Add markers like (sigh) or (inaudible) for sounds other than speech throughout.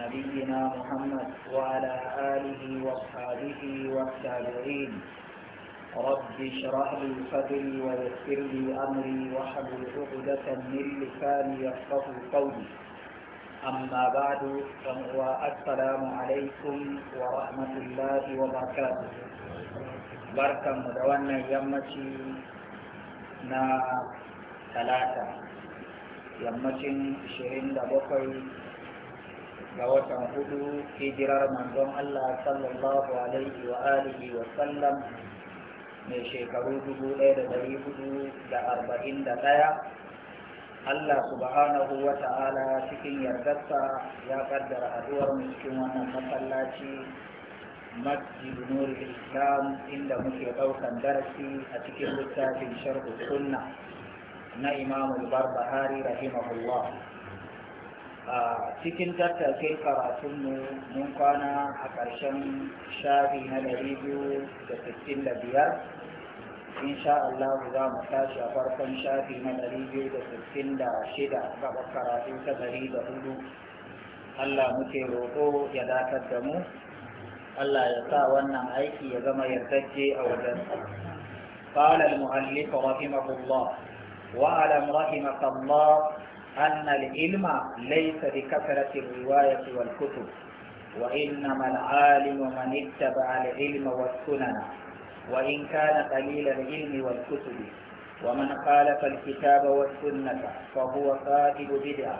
نبينا محمد وعلى آله وصحبه والتابعين رب اشرح لي صدري ويسر لي أمري واحلل عقدة من لساني يفقه قولي أما بعد فهو السلام عليكم ورحمة الله وبركاته بركة مدونة يمتي ثلاثة يمتي yammacin 27 ga watan hudu hijirar manzon Allah sallallahu alaihi wa alihi wa sallam mai shekaru dubu ɗaya da ɗari hudu da arba'in da ɗaya Allah subhanahu wa ta'ala cikin yardarsa ya kaddara haduwar mu cikin wannan masallaci masjid nurul islam inda muke ɗaukan darasi a cikin littafin sharhu sunna na imamul barbahari rahimahullah a cikin tattake karatunmu mun kwana a ƙarshen shafi na ɗari biyu da sittin da biyar insha Allah za mu tashi a farkon shafi na ɗari biyu da sittin da shida gaba karatu ta ɗari da hudu Allah muke roƙo ya datar da mu Allah ya sa wannan aiki ya zama yardacce a wajen قال المؤلف رحمه الله واعلم رحمك الله أن العلم ليس بكثرة الرواية والكتب وإنما العالم من اتبع العلم والسنن وإن كان قليل العلم والكتب ومن خالف الكتاب والسنة فهو صاحب بدعة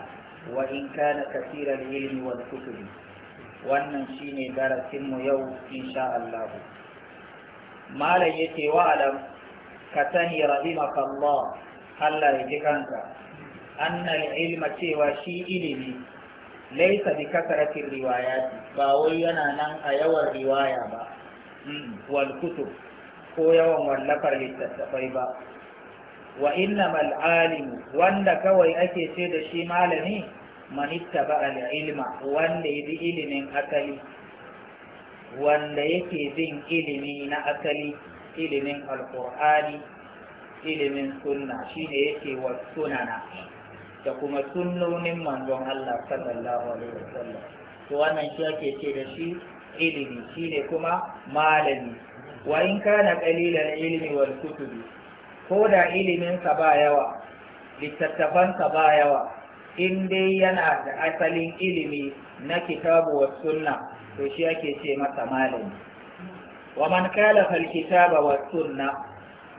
وإن كان كثير العلم والكتب wannan shine darasinmu yau insha Allah malam yace wa alam ka sani rahimaka Allah Allah ya ji kanka annal ilma cewa shi ilimi laisa bi kasaratin riwayati ba wai yana nan a yawan riwaya ba hmm, wal kutub ko yawan wallafar littattafai ba wa innamal alim wanda kawai ake ce da shi malami man ittaba al ilma wanda ya bi ilimin asali wanda yake bin ilimi na asali ilimin alqur'ani ilimin sunna shine yake wa sunana da kuma launin manzon Allah sallallahu alaihi wasallam to wannan shi ake ce da shi ilimi shine kuma malami wa in kana qalilan ilmi wal kutubi ko da ilimin ka ba yawa littattafan ka ba yawa in dai yana da asalin ilimi na kitabu wa sunna to shi ake ce masa malami wa man fal kitaba wa sunna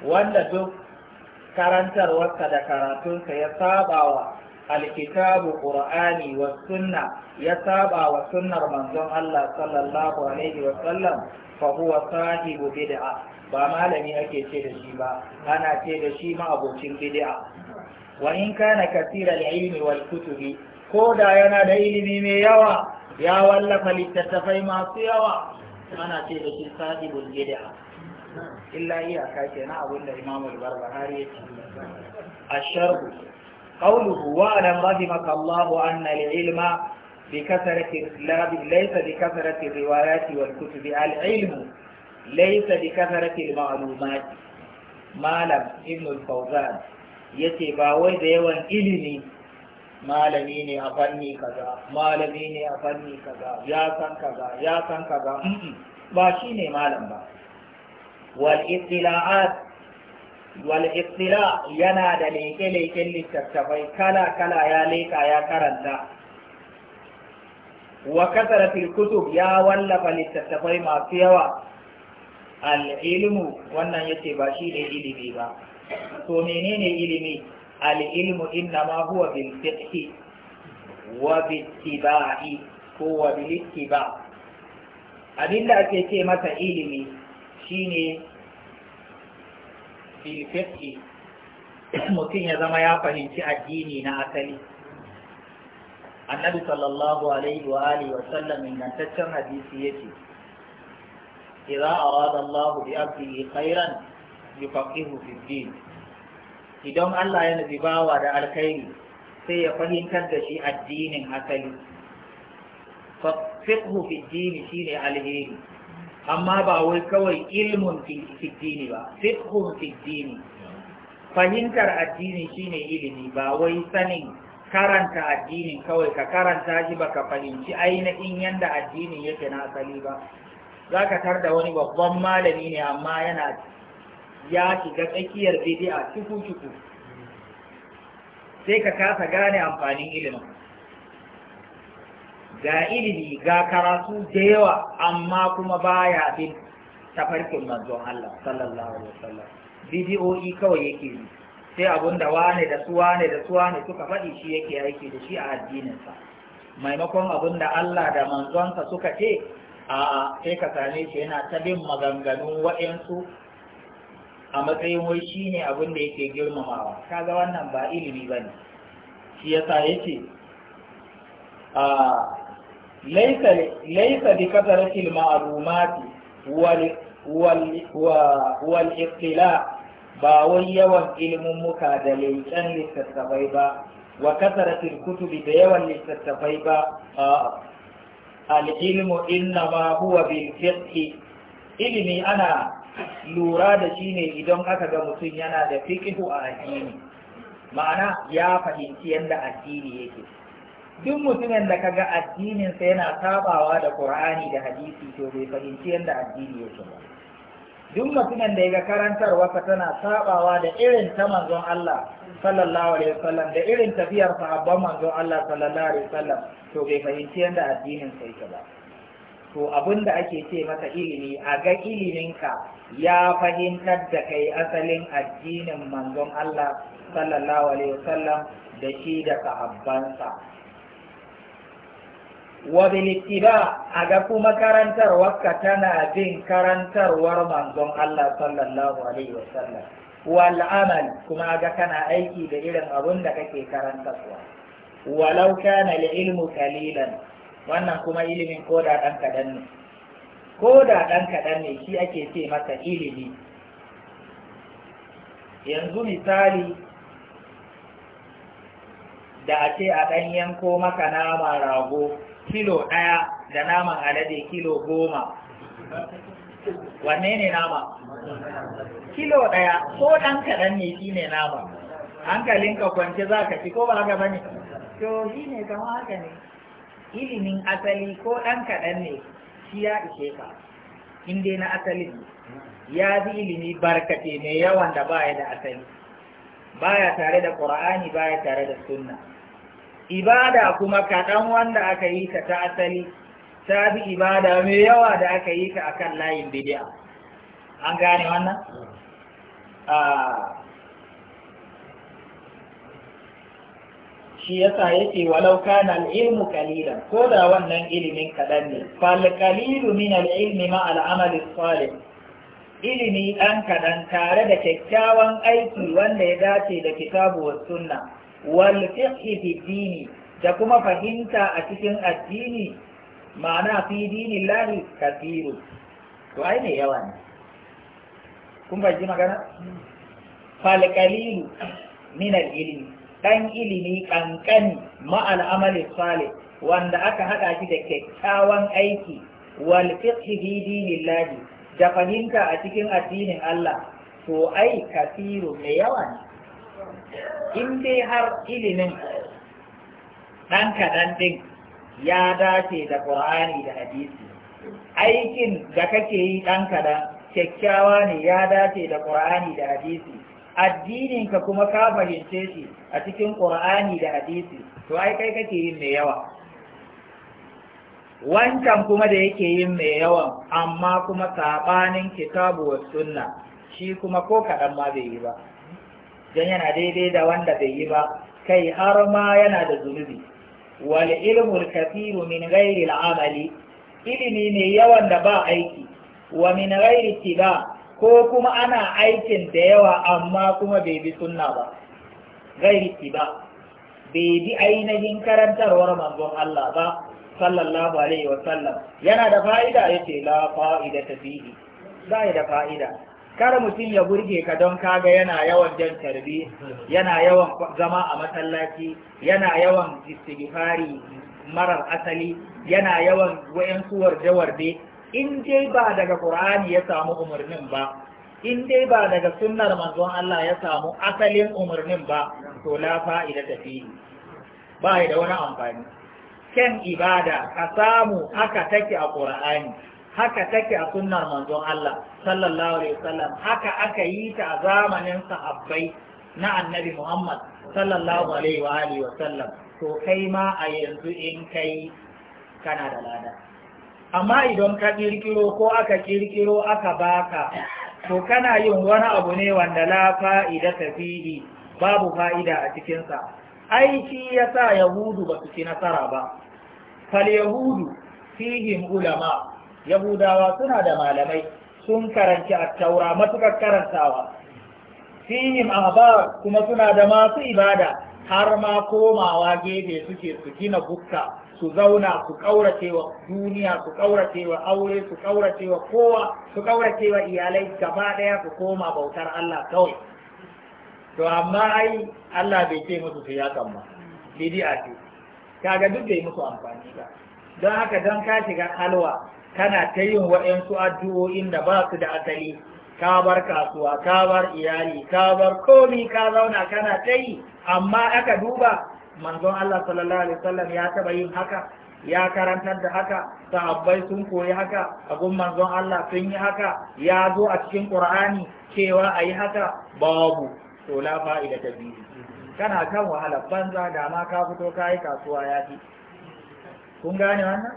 wanda duk karantarwarka da karatunsa ya saba wa alkitabu qur'ani wa sunna ya saba wa sunnar manzon Allah sallallahu alaihi wa sallam fa huwa sahibu bid'a ba malami ake ce da shi ba ana ce da shi ma abocin bid'a wa in kana kasira al-ilmi wal kutubi ko da yana da ilimi mai yawa ya wallafa littattafai masu yawa ana ce da shi sahibul bid'a illa iyaka kenan abinda Imam al-Barbahari ya ce sharhu. قوله واعلم رحمك الله أن العلم بكثرة ليس بكثرة الروايات والكتب العلم ليس بكثرة المعلومات malam ibn al-fawzan yace ba wai da yawan ilimi malami ne a fanni kaza ya san kaza ba shi ne malam ba wal ittila'at wal'istila yana da leke leƙen littattafai kala-kala ya leka ya karanta wa kasara kutub ya wallafa littattafai masu yawa al'ilmu wannan yace ba shi ne ilimi ba to menene ilimi al'ilmu inna ma huwa bil fiqhi wa bittiba'i ko wa bil abinda ake ce masa ilimi shine fil fiqh (coughs) mutum ya zama ya fahimci addini na asali annabi sallallahu alaihi wa alihi wa sallam ingantaccen hadisi yace idza arada Allahu bi abdihi khairan yufaqihu fi din idan Allah ya nufi bawa da alkhairi sai ya fahimtar da shi addinin asali faqihu fi din shine alheri amma ba wai kawai ilmun fiddini ba fiqhun fiddini fahimtar addini shine ilimi ba wai sanin karanta addini kawai ka karanta shi ba ka fahimci ainihin yanda addinin yake na asali ba Za zaka tarda wani babban malami ne amma yana ya shiga tsakiyar bid'a cuku cuku sai ka kasa gane amfanin ilimin ga ilimi ga karatu da yawa amma kuma baya bin tafarkin manzon Allah sallallahu alaihi wasallam kawai yake yi sai abun da wane da su wane da su wane suka faɗi shi yake aiki da shi a addininsa maimakon abun da Allah da manzonsa suka ce a sai ka same shi yana ta bin maganganun waɗansu a matsayin wai shi ne abin da yake girmamawa kaga wannan ba ilimi ba ne shi yasa yake ce laisa bi kasaratil ma'lumati wal iqtila ba wai yawan ilmummuka da leƙen littattafai ba wa kasaratil kutubi da yawan littattafai ba al-ilmu innama huwa bil fiqhi ilimi ana lura da shi ne idan aka ga mutum yana da fikihu a addini ma'ana ya fahimci yadda addini yake duk mutumin da kaga addininsa yana sabawa da Qur'ani da hadisi to bai fahimci yadda addini yake ba duk mutumin da ya karantarwarsa tana sabawa da irin ta manzon Allah sallallahu alaihi wasallam da irin tafiyar sahabban manzon Allah sallallahu alaihi wasallam to bai fahimci yadda addinin sa yake ba to abin da ake ce masa ilimi a ga iliminka ya fahimtar da kai asalin addinin manzon Allah sallallahu alaihi wasallam da shi da sahabbansa wa bilittiba a ga kuma karantarwarka tana bin karantarwar manzon Allah sallallahu alaihi wasallam wal amal kuma ga kana aiki da irin abun da kake karantarwa walau kana li ilmu kalilan wannan kuma ilimin ko da dan kadan ne ko da dan kadan ne shi ake ce masa ilimi yanzu misali da ake a ɗan yanko maka nama rago kilo ɗaya da naman alade kilo goma wanne ne nama kilo ɗaya ko ɗan kaɗan ne shi ne nama hankalinka kwance za ka ci ko ba haka ba ne to shi ne kama haka ne ilimin asali ko ɗan kaɗan ne shi ya ishe ka in dai na asali ya bi ilimi barkate mai yawan da baya da asali baya tare da ƙura'ani baya tare da sunna ibada kuma kaɗan wanda aka yi ta ta asali ta bi ibada mai yawa da aka yi ta akan layin bidiya an gane wannan shi yasa yake walau kana al-ilmu qalilan ko da wannan ilimin kaɗan ne fal qalilu min al-ilmi ma al-amal ilimi ɗan kaɗan tare da kyakkyawan aiki wanda ya dace da kitabu wa sunna wal fiqhi fi dini da kuma fahimta a cikin addini ma'ana fi dini lahi kafiru to ai ne yawa ne kun ji magana fal qalilu min al ilmi ilimi kankani ma al amali salih wanda aka hada shi da kyakkyawan aiki wal fiqhi fi dini lahi da fahimta a cikin addinin Allah to ai kafiru mai yawa ne in dai har ilimin ɗan kaɗan ɗin ya dace da ƙur'ani da hadisi aikin da kake yi ɗan kaɗan kyakkyawa ne ya dace da ƙur'ani da hadisi addininka kuma ka fahimce shi a cikin ƙur'ani da hadisi to ai kai kake yin mai yawa wancan kuma da yake yin mai yawan amma kuma saɓanin kitabu wa sunna shi kuma ko kaɗan ma bai yi ba don yana daidai da wanda bai yi ba kai har ma yana da zunubi wal ilmul kathiru min ghairi al'amali ilimi ne yawan da ba aiki wa min ghairi tiba ko kuma ana aikin da yawa amma kuma bai bi sunna ba ghairi tiba bai bi ainihin karantarwar manzon Allah ba sallallahu alaihi wa sallam yana da fa'ida yace la fa'ida fihi ba da fa'ida kar mutum ya burge ka don kaga yana yawan jan tarbi yana yawan zama a masallaci yana yawan istighfari marar asali yana yawan wayan suwar jawarde in dai ba daga qur'ani ya samu umarnin ba in dai ba daga sunnar manzon Allah ya samu asalin umarnin ba to la fa'ida ta fi ba da wani amfani kyan ibada ka samu haka take a qur'ani haka take a sunnar manzon Allah sallallahu alaihi wasallam haka aka yi ta a zamanin sahabbai na annabi Muhammad sallallahu alaihi wa alihi wasallam to kai ma a yanzu in kai kana da lada amma idan ka kirkiro ko aka kirkiro aka baka to kana yin wani abu ne wanda la fa'ida tafihi babu fa'ida a cikinsa sa aiki yasa yahudu ba su ci nasara ba fal yahudu fihim ulama yahudawa suna da malamai sun karanci attaura matukar karantawa fihim ahbar kuma suna da masu ibada har ma komawa gefe suke su gina bukka su zauna su ƙaurace wa duniya su ƙaurace wa aure su ƙaurace wa kowa su iyalai gaba ɗaya, su koma bautar Allah kawai to amma ai Allah bai ce musu su ya kan ba ce kaga duk bai musu amfani ba don haka don ka shiga halwa kana ta yin waɗansu addu'o'in da ba su da asali ka bar kasuwa ka bar iyali ka bar komi ka zauna kana ta yi amma aka duba manzon Allah sallallahu alaihi wasallam ya taba yin haka ya karantar da haka sahabbai sun koyi haka abun manzon Allah sun yi haka ya zo a cikin ƙur'ani cewa a yi haka babu to fa'ida ta biyu kana kan wahalar banza da ma ka fito ka yi kasuwa ya fi kun gane wannan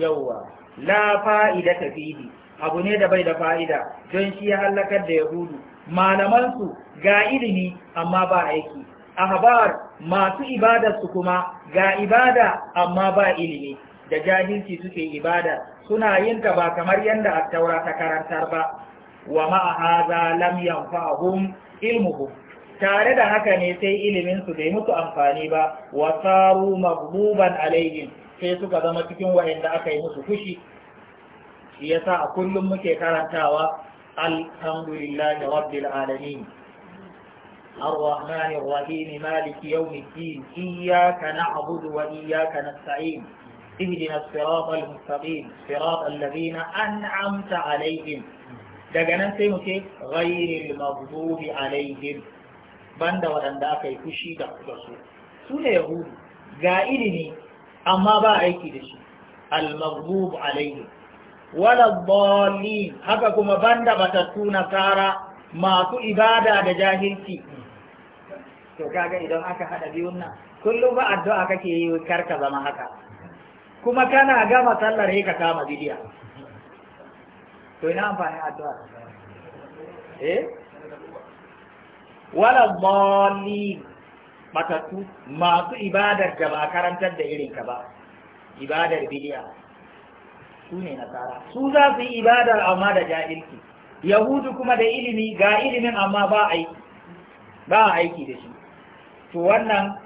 yawwa la fa'ida ta fihi abu ne da bai da fa'ida don shi ya halakar da yahudu su ga ilimi amma ba aiki ahbar masu ibadarsu kuma ga ibada amma ba ilimi da jahilci suke ibada suna yin ta ba kamar yadda attaura ta karantar ba wa ma'a lam yanfa'hum ilmuhu tare da haka ne sai iliminsu bai musu amfani ba wa saru maghduban alaihim sai suka zama cikin waɗanda aka yi musu fushi shi ya sa a kullum muke karantawa alhamdulillah da rabbil alamin arrahmani rahimi maliki yawmi din iyyaka abudu, wa iyyaka nasta'in ihdina siratal mustaqim siratal ladzina an'amta alaihim daga nan sai muke ghayril maghdubi alaihim banda waɗanda aka yi fushi da su su ne yahudu ga ilimi amma ba aiki da shi al-maghdub alayhi wala dhalin haka kuma banda matattu na kara masu ibada da jahilci to kaga idan aka hada biyun nan kullum ba addu'a kake yi kar ka zama haka kuma kana gama sallar ka kama bidiya to ina amfani addu'a eh wala dhalin matattu masu ibadar da ba karantar da irin ka ba ibadar biliya su ne nasara su za su yi ibadar amma da jahilci yahudu kuma da ilimi ga ilimin amma ba aiki ba aiki da shi to wannan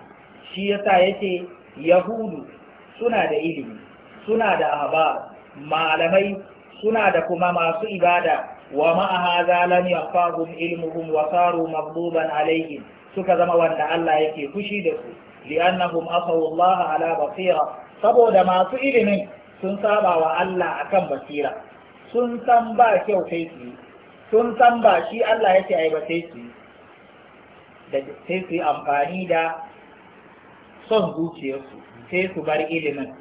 shi yasa yake yahudu suna da ilimi suna da ahbar malamai suna da kuma masu ibada wa ma'a hadha lam yafahum ilmuhum wa saru maghduban alaihim suka zama wanda Allah yake fushi da su li'annahum asaw Allah ala basira saboda masu ilimin sun saba wa Allah akan basira sun san ba kyau sai su sun san ba shi Allah yake ai ba sai su da sai su amfani da son zuciyarsu sai su bar ilimin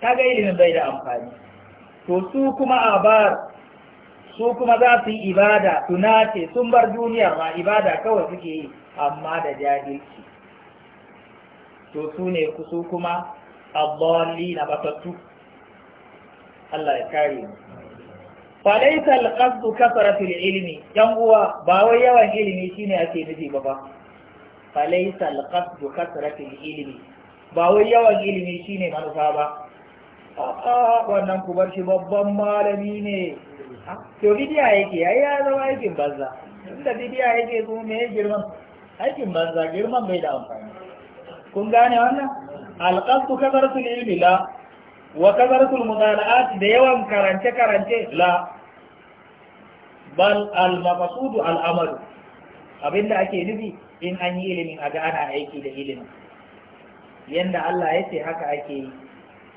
kaga ilimin bai da amfani to su kuma abar su kuma za su yi ibada su nace sun bar duniya ma ibada kawai suke yi amma da jahilci to su ne kusu kuma abballi na batattu Allah ya kare mu falaita alqasdu kasratul ilmi yan uwa ba wai yawan ilimi shine ake nufi ba ba falaita alqasdu kasratul ilimi. ba wai yawan ilimi shine manufa ba a wannan ku bar shi babban malami ne ah, to bidiya yake ai ya zama aikin banza inda bidiya yake kuma me girman aikin banza girman bai da amfani kun gane wannan alqastu kasaratul ilmi la wa kasaratul mudala'at da yawan karance karance la bal al maqsudu al amal abinda ake nufi in an yi ilimin a ga ana aiki da ilimin yanda Allah ya ce haka ake yi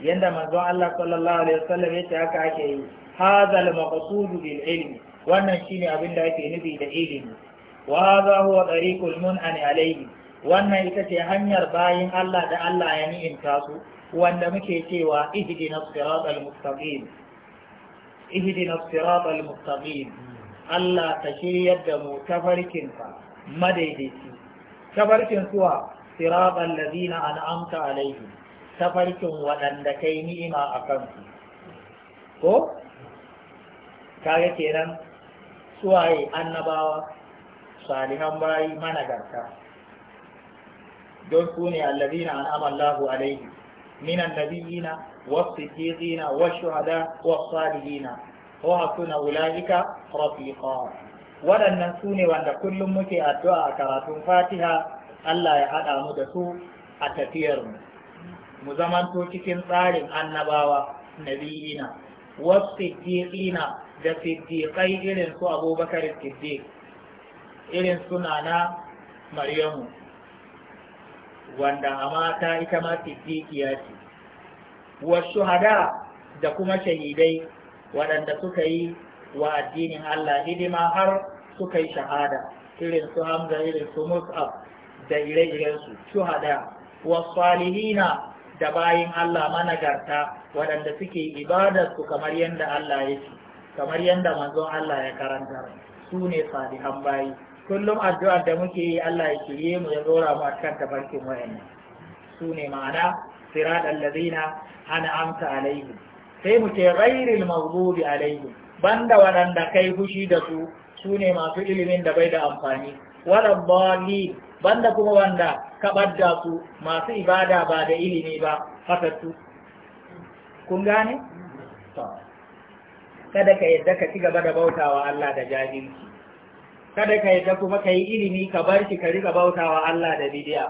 yanda manzo Allah sallallahu alaihi wasallam ya ce haka ake yi hadha al maqsudu bil ilmi wannan shine abinda ake nufi da ilimi wa hadha huwa tariqul mun'ani alayhi wannan ita ce hanyar bayin Allah da Allah ya ni'imta su wanda muke cewa ihdina siratal mustaqim ihdina siratal mustaqim Allah ta shiryar da mu tafarkin ka madaidaici tafarkin suwa siratal ladina an'amta alaihim tafarkin waɗanda kai ni'ima a kansu ko kaga kenan suwaye annabawa salihan bayi managarta don su ne allazina an'ama Allahu alaihi min annabiyina was wasu wash-shuhada was-salihina wa hasuna ulaika rafiqa waɗannan su ne wanda kullum muke addu'a a karatun fatiha Allah ya haɗa mu da su a tafiyarmu mu zamanto cikin tsarin annabawa nabiyina wasu siddiqina da siddiƙai irin su abubakar siddiq irin suna na maryamu wanda ta ita ma siddiqiya ce wa shuhada da kuma shahidai waɗanda suka yi wa addinin Allah hidima har suka yi shahada irin su Hamza irin su Mus'ab da ire-iren su shuhada wa salihina da bayin Allah managarta waɗanda suke ibadar su kamar yadda Allah ya ce kamar yadda manzon Allah ya karanta su ne salihan bayi kullum addu'ar da muke yi Allah ya shirye mu ya zora mu a kan tafarkin wayannan su ne ma'ana sirat allazina ana amsa alaihim sai mu ce ghairil maghdubi alaihim banda waɗanda kai fushi da su su ne masu ilimin da bai da amfani Wala bali banda kuma wanda ka badda su masu ibada ba da ilimi ba fatattu kun gane kada ka yadda ka ci gaba da bautawa Allah da jahilci kada ka yadda kuma ka yi ilimi ka bar shi ka riga bautawa Allah da bidiya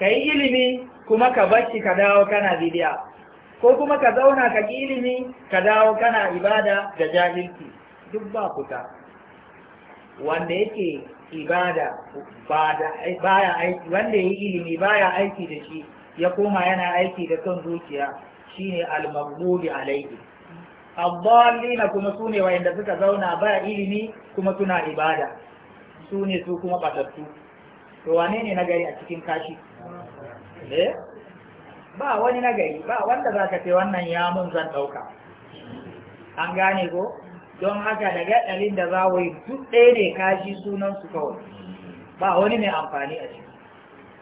ka yi ilimi kuma ka bar shi ka dawo kana bidiya ko kuma ka zauna ka ki ilimi ka dawo kana ibada da jahilci duk ba kuta wanda yake ibada baya aiki wanda yayi ilimi baya aiki da shi ya koma yana aiki da son zuciya shine al-maghdubi alayhi addallina kuma su ne wayanda suka zauna ba ilimi kuma suna ibada su ne su kuma batattu to wane ne nagari a cikin kashi eh ba wani nagari ba wanda za ka ce wannan ya mun zan dauka an gane ko don haka daga dalilin da za wai duk ɗaya ne kashi sunan su kawai ba wani mai amfani a ciki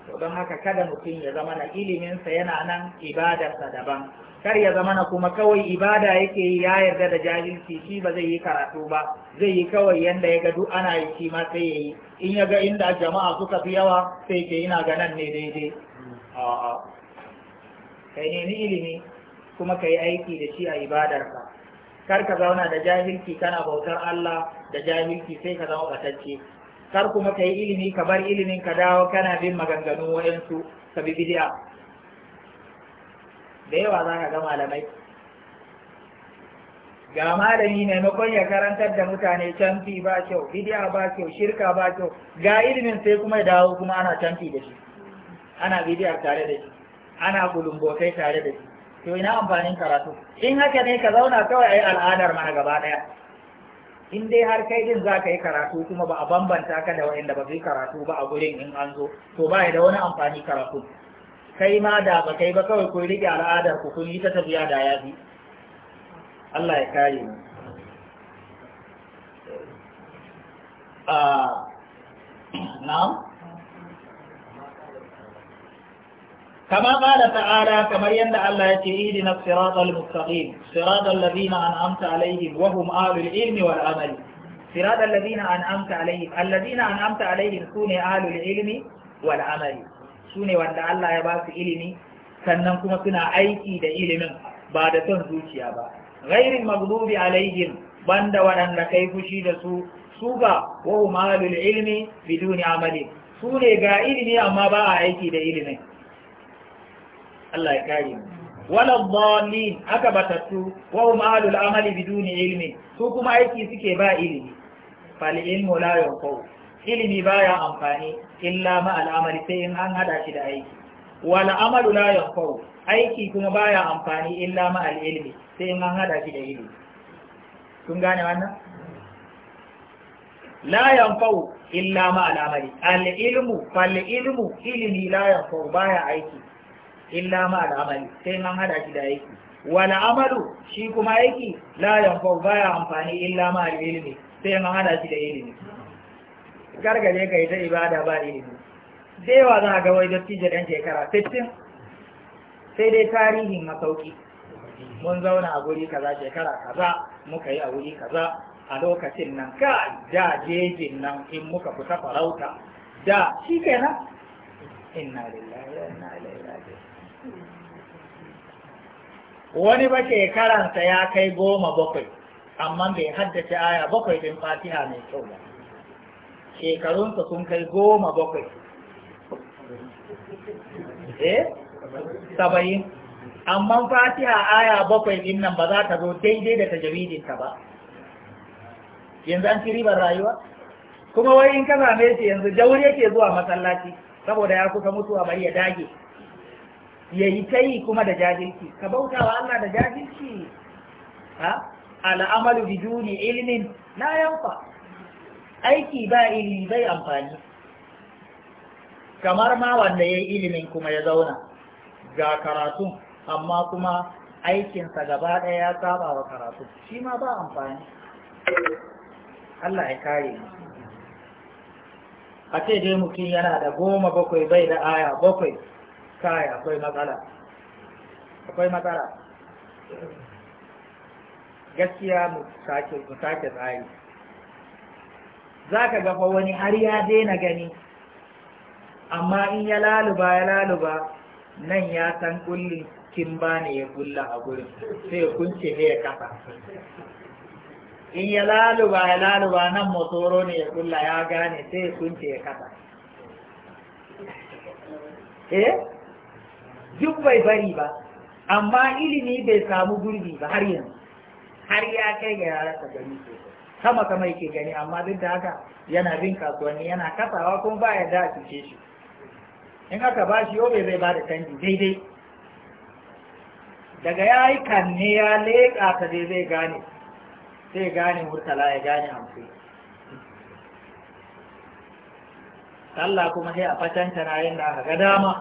to don haka kada mutum ya zama na iliminsa yana nan ibadarsa daban kar ya zamana kuma kawai ibada yake yi ya yarda da jahilci shi ba zai yi karatu ba zai yi kawai yanda ya ga duk ana yi shi ma sai ya yi, in ya ga inda jama'a suka fi yawa sai ke ina ga nan ne daidai a'a kai nemi ilimi kuma kai aiki da shi a ibadarka kar ka zauna da jahilci kana bautar Allah da jahilci sai ka zama batacce kar kuma kai ilimi ka bar ilimin ka dawo kana bin maganganu wayansu ka bi da yawa za ka ga malamai ga malami maimakon ya karantar da mutane canfi ba kyau bidiya ba kyau shirka ba kyau ga ilimin sai kuma ya dawo kuma ana canfi da shi ana bidiya tare da shi ana gulumbotai tare da shi to ina amfanin karatu in haka ne ka zauna kawai yi al'adar mana gaba daya in dai har kai din za ka yi karatu kuma ba a bambanta ka da waɗanda ba su yi karatu ba a gurin in an zo to ba ya da wani amfani karatu kai ma da bakai ba kawai kun rike al'adar ku kun yi ta tafiya da yafi Allah ah, kama kala ta'ala kamar yadda Allah ya ce idi na siratal mustaqim ladina an'amta alaihim wa hum ahlul ilmi wal ilmi wal amali su ne wanda Allah ya ba su ilimi sannan kuma suna aiki da ilimin ba da son zuciya ba ghairil maghdubi alaihim banda waɗanda kai fushi da su su ga wa ilimi ilmi biduni amali su ne ga ilimi amma ba a aiki da ilimin Allah ya kare mu wala dhalin aka batattu wa hum amali biduni ilmi su kuma aiki suke ba ilimi fal ilmu la yanfa'u ilimi baya amfani illa ma al'amari sai in an hada shi da aiki Wala amalu la yanfa'u aiki kuma baya amfani illa ma al'ilmi, sai in an hada shi da ilimi kun gane wannan la yanfa'u illa ma al'amali, al'ilmu ilmu fal ilmu ilimi, la yanfa'u baya aiki illa ma al'amali, sai in an hada shi da aiki Wala amalu shi kuma aiki la yanfa'u baya amfani illa ma al'ilmi, sai in an hada shi da ilimi gargaje ka yi ta ibada ba ilimi da yawa za a ga da dattijo yan shekara 15 sai dai tarihin masauki mun zauna a guri kaza shekara kaza muka yi a guri kaza a lokacin nan ka da jejin nan in muka fita farauta da shi kenan inna lillahi inna ilaihi raji'un wani ba shekaransa ya kai goma bakwai amma bai haddace aya bakwai din fatiha mai kyau ba shekarunsa sun kai goma bakwai eh saba'in amma fatiha aya bakwai din nan ba za ta zo daidai da tajawidinta ba yanzu an ci ribar rayuwa kuma wai in ka same shi yanzu jauri yake zuwa masallaci saboda ya kusa mutuwa bari ya dage ya yi ta yi kuma da jahilci ka bauta wa Allah da jahilci ha al'amalu bi duni ilmin la yanfa aiki ba ilimi bai amfani kamar ma wanda ya yi ilimin kuma ya zauna ga karatu amma kuma aikinsa gaba ɗaya ya saba wa karatu shi ma ba amfani Allah ya kare mu a ce dai mutum yana da goma bakwai bai da aya bakwai kai akwai matsala akwai matsala gaskiya mu sake tsari za ka gafa wani har ya daina gani amma in ya laluba ya laluba nan ya san kullum kin ba ne ya kulla a gurin sai ya kunce ya kafa in ya laluba ya laluba nan motoro ne ya kulla ya gane sai ya kunce ya kafa eh duk bai bari ba amma ilimi bai samu gurbi ba har yanzu har ya kai ga ya rasa gani sosai sama kama yake gani amma duk da haka yana bin kasuwanni yana kasawa kuma ba ya a cike shi in aka ba shi yobe zai ba da canji daidai daga ya yi kanne ya leƙa ta dai zai gane zai gane murtala ya gane hamsin Allah kuma sai a fatanta na yin da aka ga dama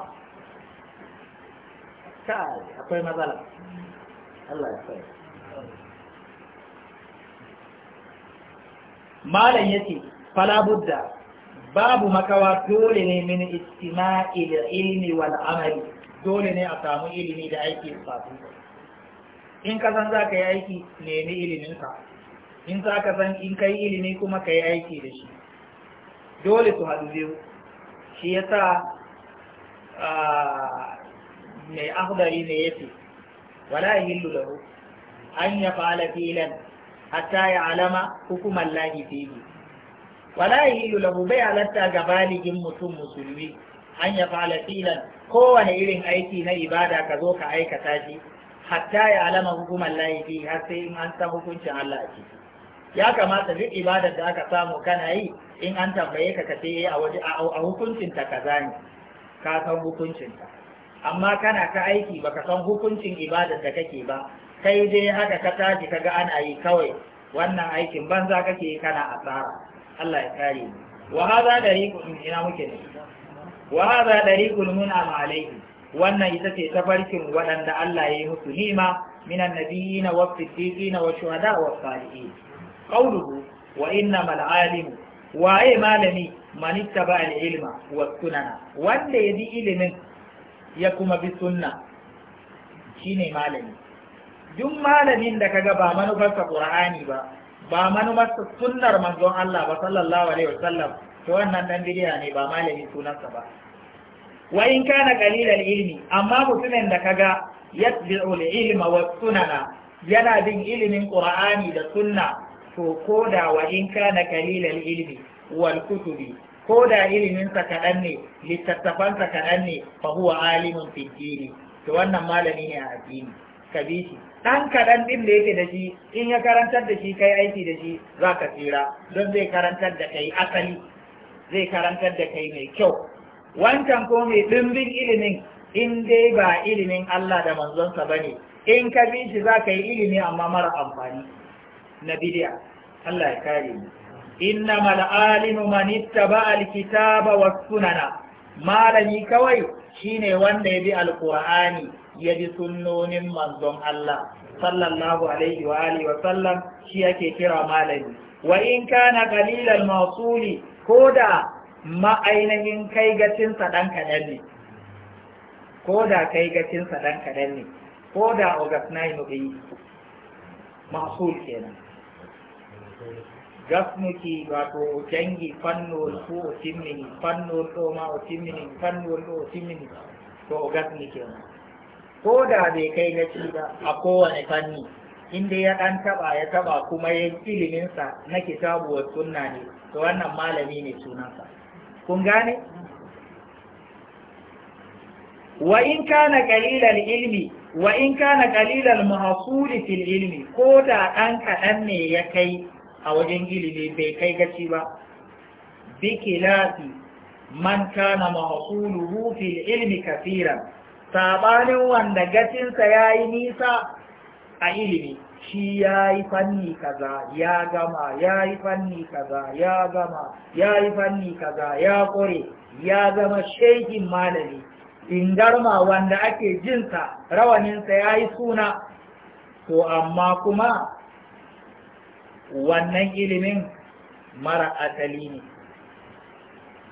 kai akwai matsala Allah ya sai malam ya fala falabudda babu makawa dole ne min istima'il ilmi wal amali dole ne a samu ilimi da aiki sabu in ka san za ka yi aiki nemi ilimin in in ka san in kai ilimi kuma ka yi aiki da shi dole su haɗu biyu shi ya sa mai ahudari ne yace wala yahillu lahu an fa'ala filan hatta ya alama hukumar lahi fihi wala yahillu bai alatta ga baligin mutum musulmi an ya fala filan kowane irin aiki na ibada ka zo ka aikata shi hatta ya alama hukumar lahi fihi har sai in an san hukuncin Allah a ciki ya kamata duk ibadar da aka samu kana yi in an tambaye ka kace eh, a waje a hukuncin ta kaza ne ka san hukuncin ta amma kana ka aiki baka san hukuncin ibadar da kake ba kai dai haka ka tashi ka ga ana yi kawai wannan aikin banza kake kana asara Allah ya kare mu wa hadha dariqun ina muke ne wa hadha dariqun min alayhi wannan ita ce tafarkin waɗanda Allah ya yi musu nima minan nabiyina wa siddiqina wa shuhada wa salihin qawluhu wa alim wa waye malami man ittaba al-ilma wa sunana wanda ya bi ilimin ya kuma bi sunna shine malami duk malamin da kaga ba manufarsa qur'ani ba ba manufarsa sunnar manzon Allah ba sallallahu alaihi wasallam to wannan dan bidiya ne ba malami sunansa ba wa in kana qalilal ilmi amma mutumin da kaga yatbi'u al-ilma wa sunana yana bin ilimin qur'ani da sunna to ko da wa in kana qalilal ilmi wal kutubi ko da sa kaɗan ne littattafansa kaɗan ne fa huwa alimun fi dini to wannan malami ne a addini kabishi ɗan kaɗan ɗin da yake da shi in ya karantar da shi kai aiki da shi za ka tsira don zai karantar da kai asali zai karantar da kai mai kyau wancan ko mai ɗimbin ilimin in dai ba ilimin Allah da manzonsa ba ne in ka bi shi za ka yi ilimi amma mara amfani na bidiya Allah ya kare mu innama al'alimu man ittaba al-kitaba was sunana malami kawai shine wanda ya bi alqur'ani ya bi sunnonin manzon Allah sallallahu alaihi wa alihi wa sallam shi yake kira malami wa in kana qalilal mawsuli koda ma'ainihin kai gacin sa dan kadan ne koda kai gacin sa dan kadan ne koda August 9 ne mawsul kenan gasmuki wato jangi fannol ko timmini fannol ɗo ma otimmini fannol ɗo timmini to o gasni kenan ko da bai kai na ci ba a kowane fanni inda ya ɗan taɓa ya taɓa kuma ya iliminsa na kitabu wa ne to wannan malami ne sunansa kun gane wa in kana qalilal ilmi wa in kana mahsul fil ilmi ko da ɗan kaɗan ne ya kai a wajen ilimi bai kai gaci ba bi kilafi man kana mahsuluhu fil ilmi kafiran saɓanin wanda gacinsa ya yi nisa a ilimi shi ya yi fanni kaza ya gama ya yi fanni kaza ya gama ya yi fanni kaza ya kore ya zama shekin malami ingarma wanda ake jinsa rawaninsa ya yi suna to amma kuma wannan ilimin mara asali ne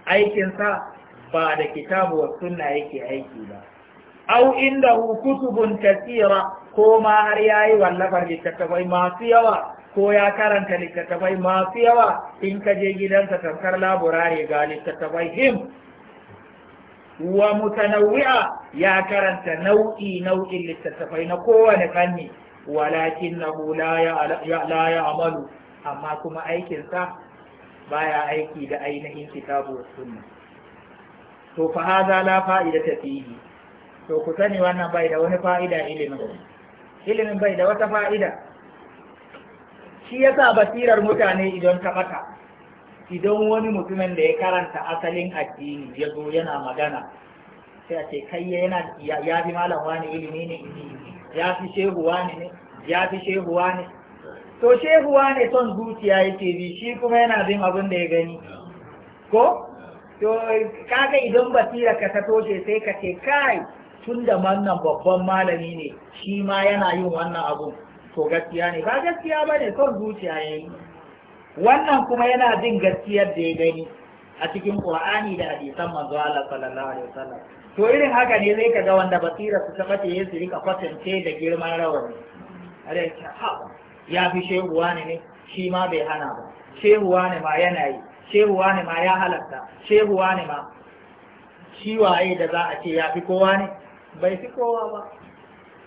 aikinsa ba da kitabu wa sunna yake aiki ba au indahu kutubun kathira ko ma har yayi wallafar littattafai masu yawa ko ya karanta littattafai masu yawa in ka je gidansa tamkar laburare ga littattafai him wa mutanawwi'a ya karanta nau'i nau'in littattafai na kowane fanni walakinahu la la amalu amma kuma aikinsa baya aiki da ainihin kitabu sunna to fa hadha la fa'idata fihi to ku sani wannan bai da wani fa'ida ilimin ilimin bai da wata fa'ida shi ya sa basirar mutane idan ta bata idan wani mutumin da ya karanta asalin addini ya zo yana magana sai a ce kai yana ya fi malam wani ilimi ne ya fi shehu wani ne ya fi shehu wani to shehu wani son zuciya yake bi shi kuma yana bin abin da ya gani ko to kaga idan basira ka ta toshe sai ka ce kai tun da wannan babban malami ne shi ma yana yin wannan abun to gaskiya ne ba gaskiya ba ne son zuciya ya yi wannan kuma yana jin gaskiyar da ya gani a cikin Ƙwa'ani da hadisan manzo Allah sallallahu alaihi wasallam to irin haka ne zai kaga wanda basira su ta mace ya su rika kwatance da girman rawar are ya fi shehuwa ne ne shi ma bai hana ba shehuwa ne ma yana yi shehuwa ne ma ya halatta shehuwa ne ma shi waye da za a ce ya fi kowa ne bai fi kowa ba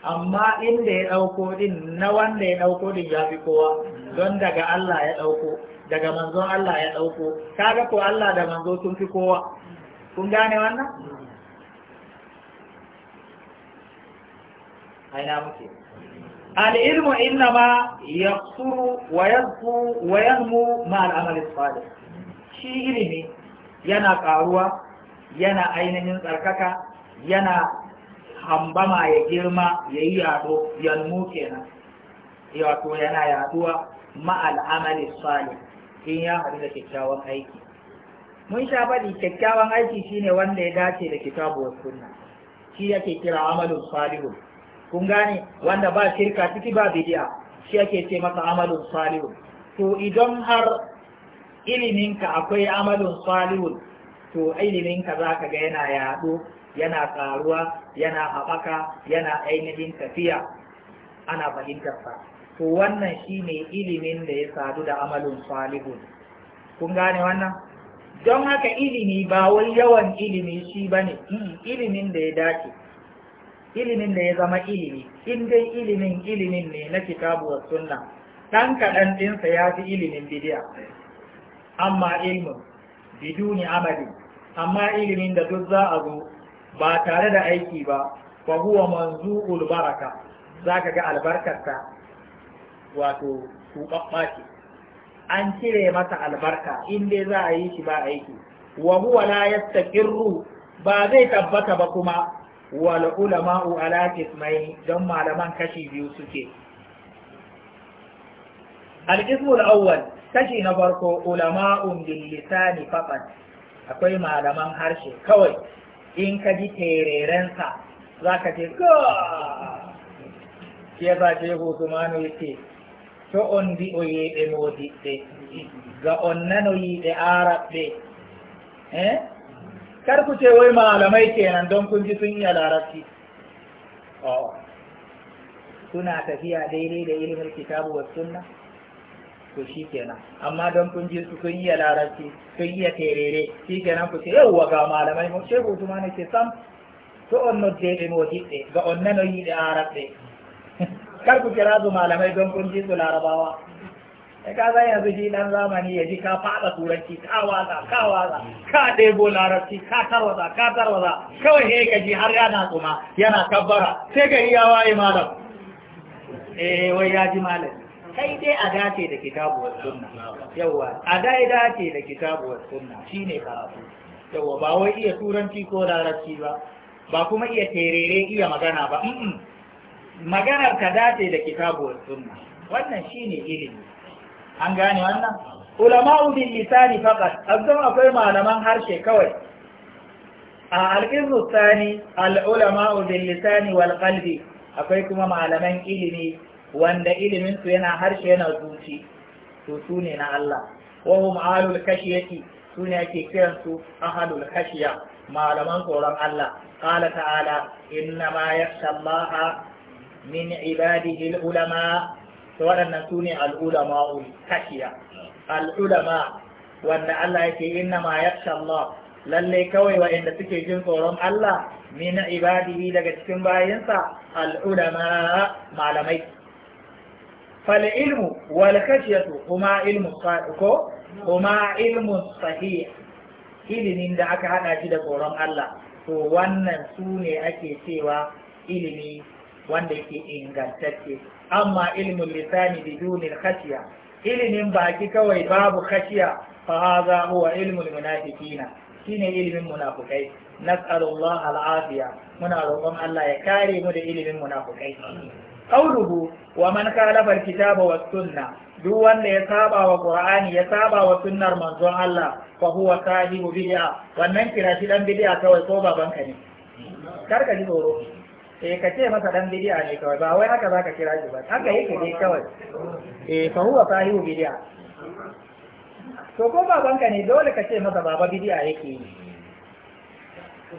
amma inda ya ɗauko din na wanda ya ɗauko din ya fi kowa don daga Allah ya ɗauko daga manzon Allah ya ɗauko kaga ko Allah da manzo sun fi kowa kun gane wannan aina muke ilmu inna ma ya wa yazku wa yahmu ma al'amali salih shi ilimi yana ƙaruwa yana ainihin tsarkaka yana hambama ya girma ya yi yaɗo yanmu kenan wato yana yaɗuwa ma'al amali salih in ya haɗu da kyakkyawan aiki mun sha faɗi kyakkyawan aiki shine wanda ya dace da kitabu wa sunna shi yake kira amalun Salihu. kun gane wanda ba shirka ciki ba bidiya shi yake ce masa amalun Salihu. to idan har iliminka akwai amalin Salihu, to iliminka za ka ga yana yaɗo yana karuwa yana haɓaka yana ainihin tafiya ana fahimtarsa to wannan shine ilimin da ya sadu da amalin salihun kun gane wannan don haka ilimi ba wai yawan ilimi shi ba ilimin da ya dace ilimin da ya zama ilimi in dai ilimin ilimin ne na kitabu wa sunna dan kaɗan ɗinsa ya fi ilimin bidiya amma ilmin biduni amali amma ilimin da duk za a zo ba tare da aiki ba fa huwa manzu'ul baraka zaka ga ta, wato ku ce an cire masa albarka in dai za a yi shi ba aiki wa huwa la yastaqirru ba zai tabbata ba kuma wal ulama'u ala qismai don malaman kashi biyu suke al al awwal kashi na farko ulama'un bil lisani faqat akwai malaman harshe kawai in ka ji tererensa za ka ce shi ya sa ce hukumanu ya ce to on di o yeɗe modiɗɗe ga on nano yiɗe araɓɓe eh kar ku ce wai malamai kenan don kun ji sun yi larabci suna oh. tafiya daidai da ilimin kitabu wa sunna to shi kenan amma don kun ji su kun iya larabci kun iya terere shi kenan ku ce yauwa ga malamai mu shehu tuma ne ke sam to on no de mo hitte ga on nano yi da arabe (laughs) kar ku kira su malamai don kun ji su larabawa e ka san yanzu shi dan zamani ya ji ka faɗa turanci ka waza ka waza ka ɗebo larabci ka tarwaza ka tarwaza kawai he ka ji har yana tsuma yana kabbara sai ga ya malam eh wai ya ji malam kai dai a dace da kitabu wa sunna yawa a dai dace da kitabu wa sunna shine karatu yawa ba wai iya turanci ko larabci ba ba kuma iya terere iya magana ba maganar ka dace da kitabu wa sunna wannan shine ilimi an gane wannan ulama'u bil lisani faqat azan akwai malaman harshe kawai a alqirru tsani al ulama bil lisani wal qalbi akwai kuma malaman ilimi wanda ilimin su yana harshe yana zuci to su ne na Allah wa hum alul kashiyati su ne ake kiran su ahalul kashiya malaman tsoron Allah qala ta'ala inna ma yakhshallaha min ibadihi ulama to waɗannan su ne al'ulama'ul kashiya al'ulama wanda Allah yake inna ma yakhsha Allah lalle kawai wa'anda suke jin tsoron Allah min ibadihi daga cikin bayinsa al'ulama malamai فالعلم والخشية هما علم ko هما علم الصحيح ilimin da aka hada shi da koron Allah to wannan su ne ake cewa ilimi wanda yake ingantacce amma ilmin lisani bidunil khashiya ilimin baki kawai babu khashiya fa hadha huwa ilmul munafiqina shine ilimin munafukai nas'alullah al'afiya muna roƙon Allah ya kare mu da ilimin munafukai qauluhu wa man khalafa alkitaba was sunna duk wanda ya saba wa qur'ani ya saba wa sunnar manzon Allah fa huwa sahibu bid'a wannan kira shi dan bid'a kawai ko babanka ne kar ka ji tsoro eh ka ce masa dan bid'a ne kawai ba wai haka zaka kira shi ba haka yake ne kawai eh fa huwa sahibu bid'a to ko babanka ne dole ka ce masa baba bid'a yake yi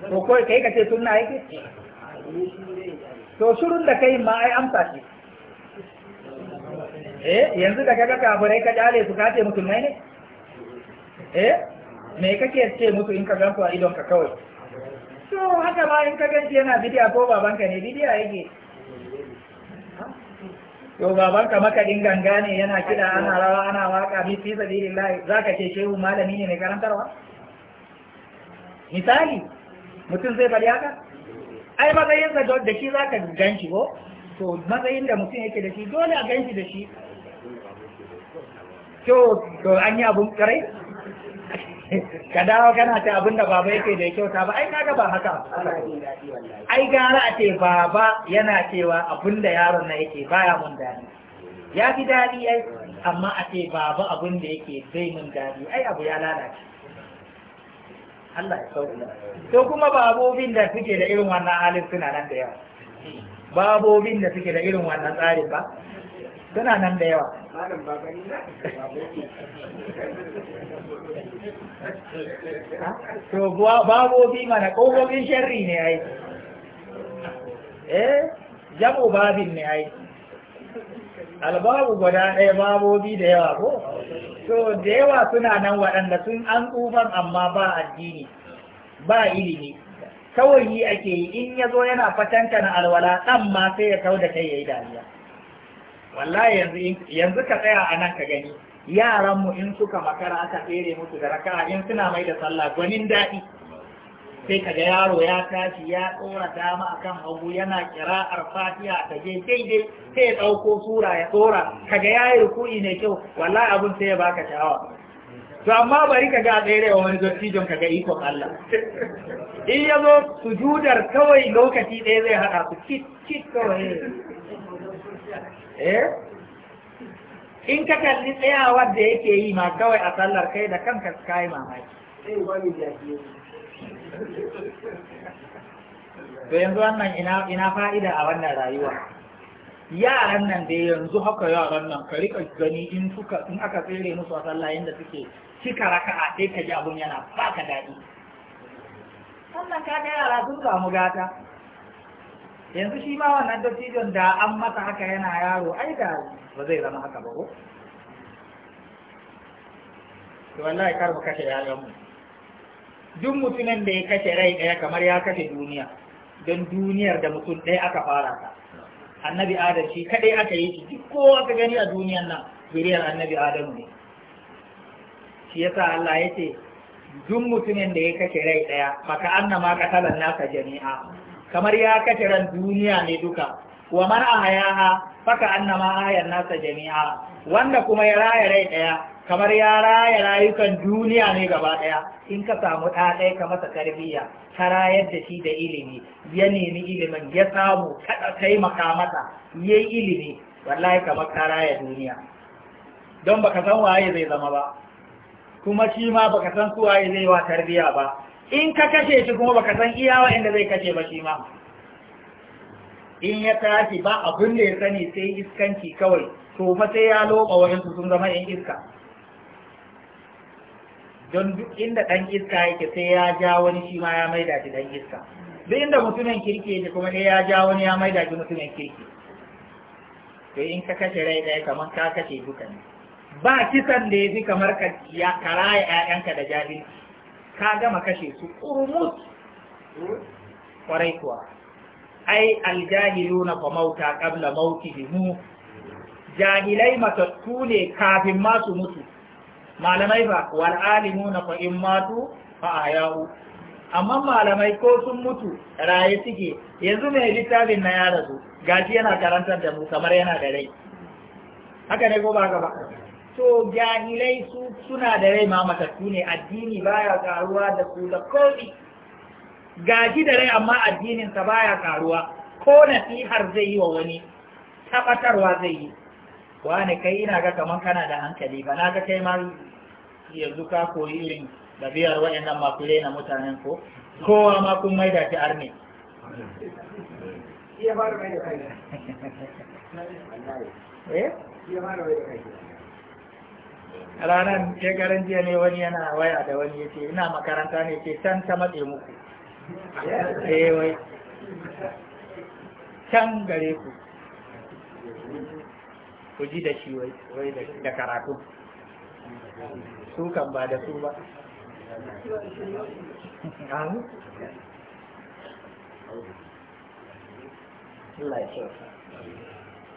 to kai ka ce sunna yake to shirin da kai ma ai amsa ce eh yanzu da kaga kafirai ka jale su kace musulmai ne eh me kake ce musu in ka gansu a idon ka kawai to haka ma in ka shi yana bidiya ko babanka ne bidiya yake ka babanka din ganga ne yana kida ana rawa ana waka bi fi sabilillah zaka ce shehu malami ne mai karantarwa misali mutum zai bari haka ai matsayin da shi za ka gan ko to matsayin da mutum yake da shi dole a gan da shi to to an yi abun karai (laughs) ka dawo kana ta abin da baba yake da kyauta ba ai kaga ba haka ai gara a ce baba yana cewa abin da yaron na yake baya mun dani ya fi dadi ai amma a ce baba abin da yake zai mun dadi ai abu ya lalace Allah ya sauƙi to kuma babobin da suke da irin wannan halin suna nan da yawa babobin da suke da irin wannan tsarin ba suna nan da yawa to babobi mana ƙofofin sharri ne ai eh jabo babin ne ai albabu guda ɗaya babobi da yawa ko so da yawa suna nan waɗanda sun an tsufan amma ba addini ba ilimi kawai yi ake yi in ya zo yana fatanta na alwala ɗan ma sai ya kau da kai ya yi dariya wallahi yanzu ka tsaya a nan ka gani yaranmu in suka makara aka tsere musu da raka'a in suna mai da sallah gwanin daɗi sai kaga yaro ya tashi ya tsora dama akan hagu yana kira'ar fatiha ta je daidai sai ya ɗauko sura ya tsora kaga ya yi rukuni ne kyau wallahi abin sai ya baka sha'awa to amma bari ka ga ɗaya wa wani dattijon ka ga ikon Allah (laughs) in ya zo sujudar kawai lokaci ɗaya zai haɗa su cit cit kawai eh in ka kalli tsayawar da yake yi ma kawai a sallar kai da kanka kai mamaki to yanzu wannan ina fa'ida a wannan rayuwa yaran nan da yanzu haka yaran nan ka rika gani in suka in aka tsere musu a sallah da suke cika raka'a sai ka ji abun yana ba ka daɗi sannan ka ga yara sun samu gata yanzu shi ma wannan dattijon da an masa haka yana yaro ai da ba zai zama haka ba ko to wallahi kar mu kashe yaran mu duk mutumin da ya kashe rai ɗaya kamar ya kashe duniya don duniyar da mutum ɗaya aka fara ta annabi adam shi kaɗai aka yi shi duk kowa ka gani a duniyar nan zuriyar annabi adam ne shi yasa Allah ya ce duk mutumin da ya kashe rai ɗaya maka anna ma katalan nasa jami'a kamar ya kashe ran duniya ne duka wa man ahayaha faka anna ma ahayan nasa jami'a wanda kuma ya raya rai ɗaya kamar ya raya rayukan duniya ne gaba ɗaya in ka samu ɗaɗai ka masa tarbiyya ka rayar da shi da ilimi ya nemi ilimin ya samu kaɗa taimaka masa ya yi ilimi wallahi kamar ka raya duniya don baka san waye zai zama ba kuma shi ma baka san su waye zai wa tarbiyya ba in ka kashe shi kuma baka san iya inda zai kashe ba shi ma in ya tashi ba abin da ya sani sai iskanci kawai to fa sai ya loba wajen sun zama yan iska don duk inda ɗan iska yake sai ya ja wani shi ma ya maida shi ɗan iska duk inda mutumin kirki yake kuma sai ya ja wani ya maida shi mutumin kirki to in ka kashe rai ɗaya kamar ka kashe duka ne ba kisan da ya fi kamar ka ya karaya ƴaƴanka da jahilci ka gama kashe su kurmus kwarai kuwa ai aljahiluna fa mauta qabla mautihim jahilai matattu ne kafin ma su mutu malamai ba wal alimuna fa matu fa amma malamai ko sun mutu raye suke yanzu mai littafin na yara su? Gaji yana karantar da mu kamar yana da rai haka ne ko ba ba to jahilai su suna da rai ma ne addini baya karuwa da su da kofi Gaji da rai amma addinin sa baya karuwa ko nasihar zai yi wa wani tabatarwa zai yi wani kai ina ga kamar kana da hankali ba na ga kai ma yanzu ka koyi irin ɗabi'ar waɗannan masu rena mutanen ko kowa ma kun maida shi eh? ranar shekarun jiya ne wani yana waya da wani ya ce ina makaranta ne ce can ta matse muku eh, wai can gare ku ku ji da shi wai da karatu su kan ba da su ba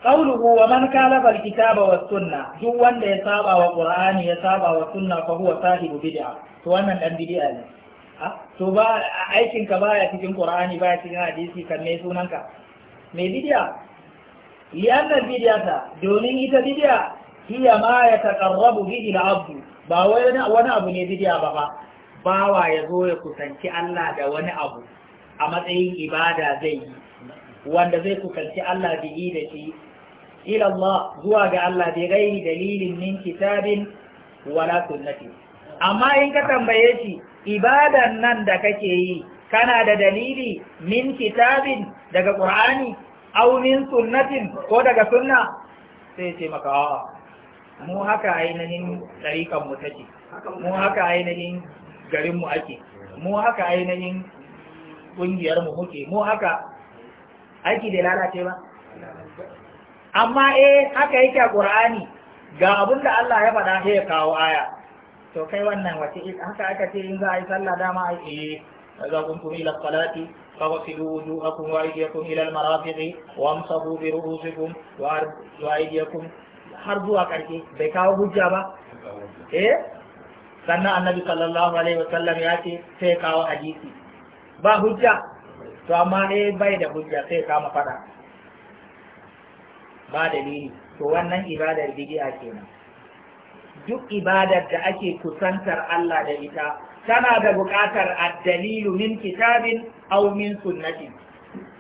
Ƙauluhu wa man kalabar kitaba wa sunna duk wanda ya saba wa Qur'ani ya saba wa sunna fa huwa sahibu bid'a to wannan dan bid'a ne to ba aikin ka baya cikin Qur'ani baya cikin hadisi kan me sunanka me bid'a li'anna bid'ata domin ita bid'a hiya ma ya taqarrabu bihi al Abdu. ba wani abu ne bidiya ba ba bawa yazo ya kusanci Allah da wani abu a matsayin ibada zai yi wanda zai kusanci Allah da yi da shi ila Allah zuwa ga Allah bi gairi dalilin min kitabin wala sunnati amma in ka tambaye shi ibadan nan da kake yi kana da dalili min kitabin daga Qur'ani aw min sunnatin ko daga sunna sai ce maka a'a mu haka ainihin ɗariƙan mu take mu haka ainihin garin mu ake mu haka ainihin ƙungiyar mu muke mu haka aiki da lalace ba amma eh haka yake a ƙur'ani ga abin da Allah ya faɗa sai ya kawo aya to kai wannan wace haka aka ce in za a yi sallah dama a yi إذا قمتم إلى الصلاة فاغسلوا وجوهكم وأيديكم إلى المرافق وامسحوا برؤوسكم وأيديكم har zuwa ƙarshe bai kawo hujja ba eh sannan annabi sallallahu alaihi wa sallam ya ce sai kawo hadisi ba hujja to amma eh bai da hujja sai kama fada ba dalili to wannan ibadar bid'a kenan duk ibadar da ake kusantar Allah da ita tana da buƙatar addalilu min kitabin aw min sunnati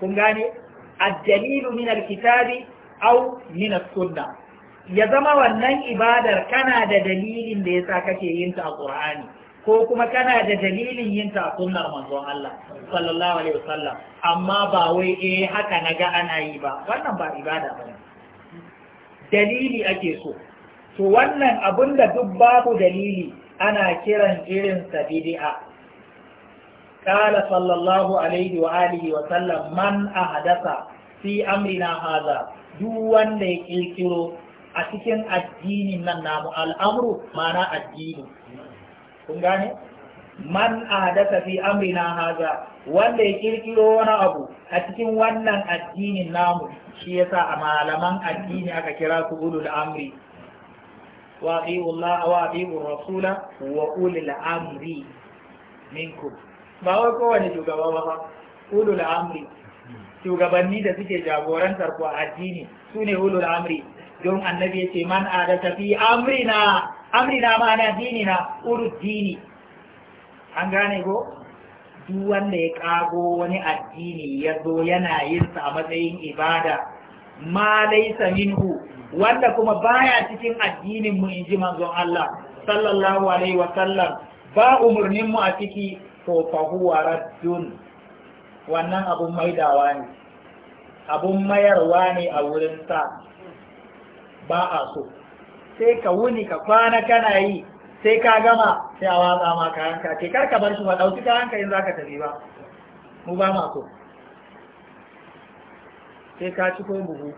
kun gane addalilu min alkitabi aw min as-sunnah ya zama wannan ibadar kana da dalilin da yasa kake yin ta a Qur'ani ko kuma kana da dalilin yin ta a sunnar manzon Allah sallallahu alaihi wasallam amma ba wai eh haka naga ana yi ba wannan ba ibada ba dalili ake so to wannan abinda da duk babu dalili ana kiran irin sa bid'a qala sallallahu alaihi wa alihi wa sallam man ahdatha fi amrina hadha duk wanda ya kirkiro a cikin addinin nan namu al'amru mana addini kun gane man ahdasa fi amrina haza wanda ya kirkiro wani abu a cikin wannan addinin namu shi ya sa a malaman addini aka kira su ulul amri wa Allah wa rasula wa ulul amri minkum ba wai kowane shugaba ba ulul amri shugabanni da suke jagorantar ku a addini su ne ulul amri don annabi ya ce man ta fi amrina amrina na dinina uru dini an gane ko duk wanda ya kago wani addini ya zo yana yin sa a matsayin ibada ma laisa minhu wanda kuma baya cikin addinin mu inji manzon Allah sallallahu alaihi wa sallam ba umurnin mu a ciki to fa huwa raddun wannan abun maidawa ne abun mayarwa ne a wurin sa ba a so sai ka wuni ka kwana kana yi sai ka gama sai a watsa ma kayan ka ce kar ka bar shi ba ɗauki kayan ka in za ka tafi ba mu ba ma so sai ka ci ko buhu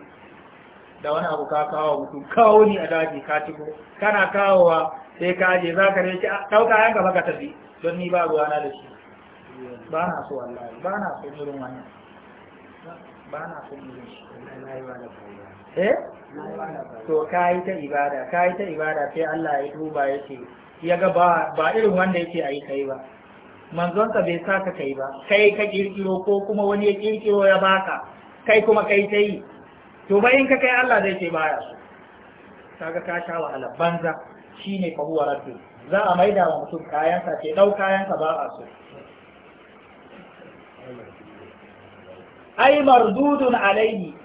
da wani abu ka kawo mutum kawo ni a daji ka ci ko kana kawowa sai ka je za ka rage ah, ɗauka yanka baka tafi don ni ba ruwa na da shi ba na so wallahi ba na so irin wannan ba na so irin shi wallahi ba da eh to kayi ta ibada kayi ta ibada sai Allah ya duba ya ce ya ga ba irin wanda yake ayi kai ba ka bai sa ka kai ba kai ka kirkiro ko kuma wani ya kirkiro ya baka kai kuma kai ta yi to ba in ka kai Allah zai ce baya su kaga ka sha wahala banza shine fa huwa raddu za a maida wa mutum kayansa ce dau kayansa ba a so ai mardudun alaihi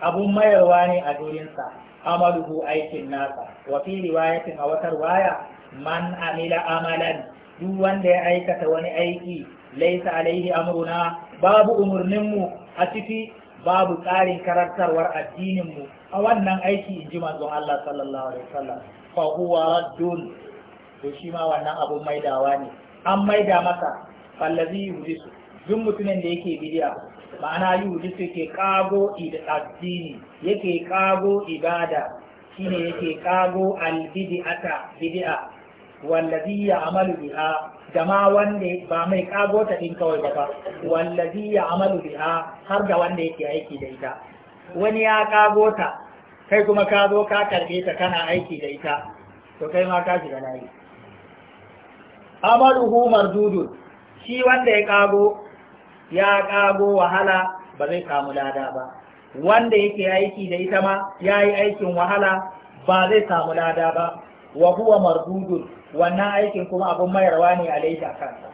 abun mayarwa ne a durinsa amaluhu aikin nasa wa fi riwayatin a watar waya? man amila amalan duk wanda ya aikata wani aiki laisa alaihi amruna babu umurninmu a ciki babu tsarin karantarwar addininmu a wannan aiki in ji manzon Allah sallallahu alaihi wasallam fa huwa raddun to shi ma wannan abun maidawa ne an maida masa fallazi yujisu duk mutumin da yake bidiya ma'ana yuhdisu yake kago addini yake kago ibada shine yake kago albid'ata bid'a wallazi amalu biha da ma wanda ba mai kago ta din kawai ba ba wallazi ya'malu biha har da wanda yake aiki da ita wani ya kago ta kai kuma ka zo ka karbe ta kana aiki da ita to kai ma ka shiga layi amaluhu mardudun shi wanda ya kago ya ƙago wahala ba zai samu lada ba wanda yake aiki da ita ma ya yi aikin wahala ba zai samu lada ba wa huwa mardudun wannan aikin kuma abin mayarwa ne a laifin kansa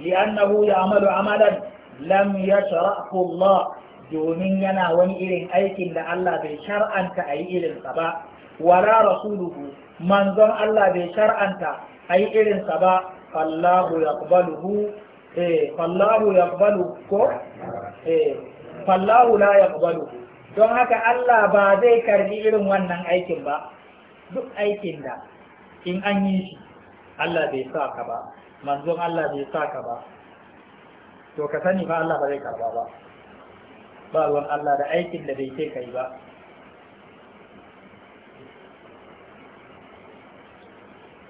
li'annahu ya'malu amalan lam yashra'hu Allah domin yana wani irin aikin da Allah bai shar'anta a yi irinsa ba wala rasuluhu manzon Allah bai shar'anta a yi irinsa ba fallahu yaqbaluhu eh fallahu yaqbalu ko eh fallahu la yaqbalu don haka Allah ba zai karbi irin wannan aikin ba duk aikin da in an yi shi Allah bai sa ka ba manzon Allah bai sa ka ba to ka sani ba Allah ba zai karba ba ba ruwan Allah da aikin da bai ce yi ba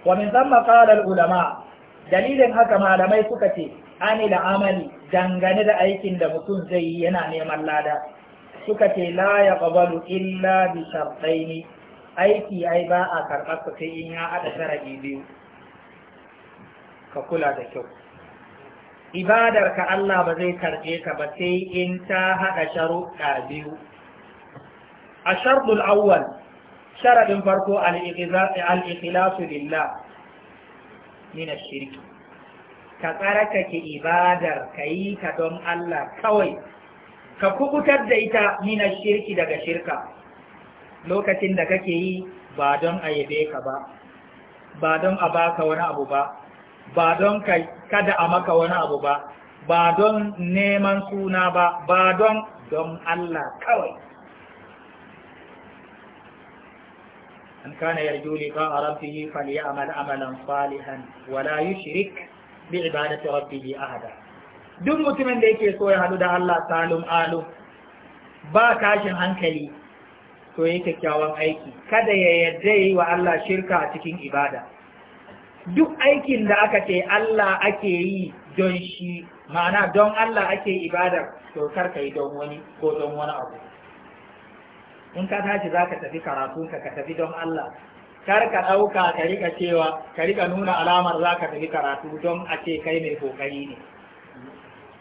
wa min zamma qala al ulama dalilin haka malamai suka ce da amali dangane da aikin da mutum zai yi yana neman lada suka ce la ya qabalu illa bi shartaini aiki ai ba a karɓar su sai in ya haɗa sharaɗi biyu ka kula da kyau ibadar ka Allah ba zai karɓe ka ba sai in ta haɗa sharuɗa biyu a sharɗul awwal sharaɗin farko al-ikhlasu lillah min ash-shirki ka tsara ke ibadar ka yi ka don Allah kawai ka kubutar da ita mina shirki daga shirka lokacin da kake yi ba don a yabe ka ba ba don a baka wani abu ba ba don kada a maka wani abu ba ba don neman suna ba ba don don Allah kawai an kana yarju liqa rabbihi falyamal amalan salihan wala yushrik bi ibadati rabbihi ahada duk mutumin da yake so ya hadu da Allah salum alu ba tashin hankali to yake kyakkyawan aiki kada ya yarda yi wa Allah shirka a cikin ibada duk aikin da aka ce Allah ake yi don shi ma'ana don Allah ake ibada to karka yi don wani ko don wani abu in ka tashi zaka tafi karatunka ka tafi don Allah kar ka ɗauka ka rika cewa ka rika nuna alamar za ka tafi karatu don a ce kai mai kokari ne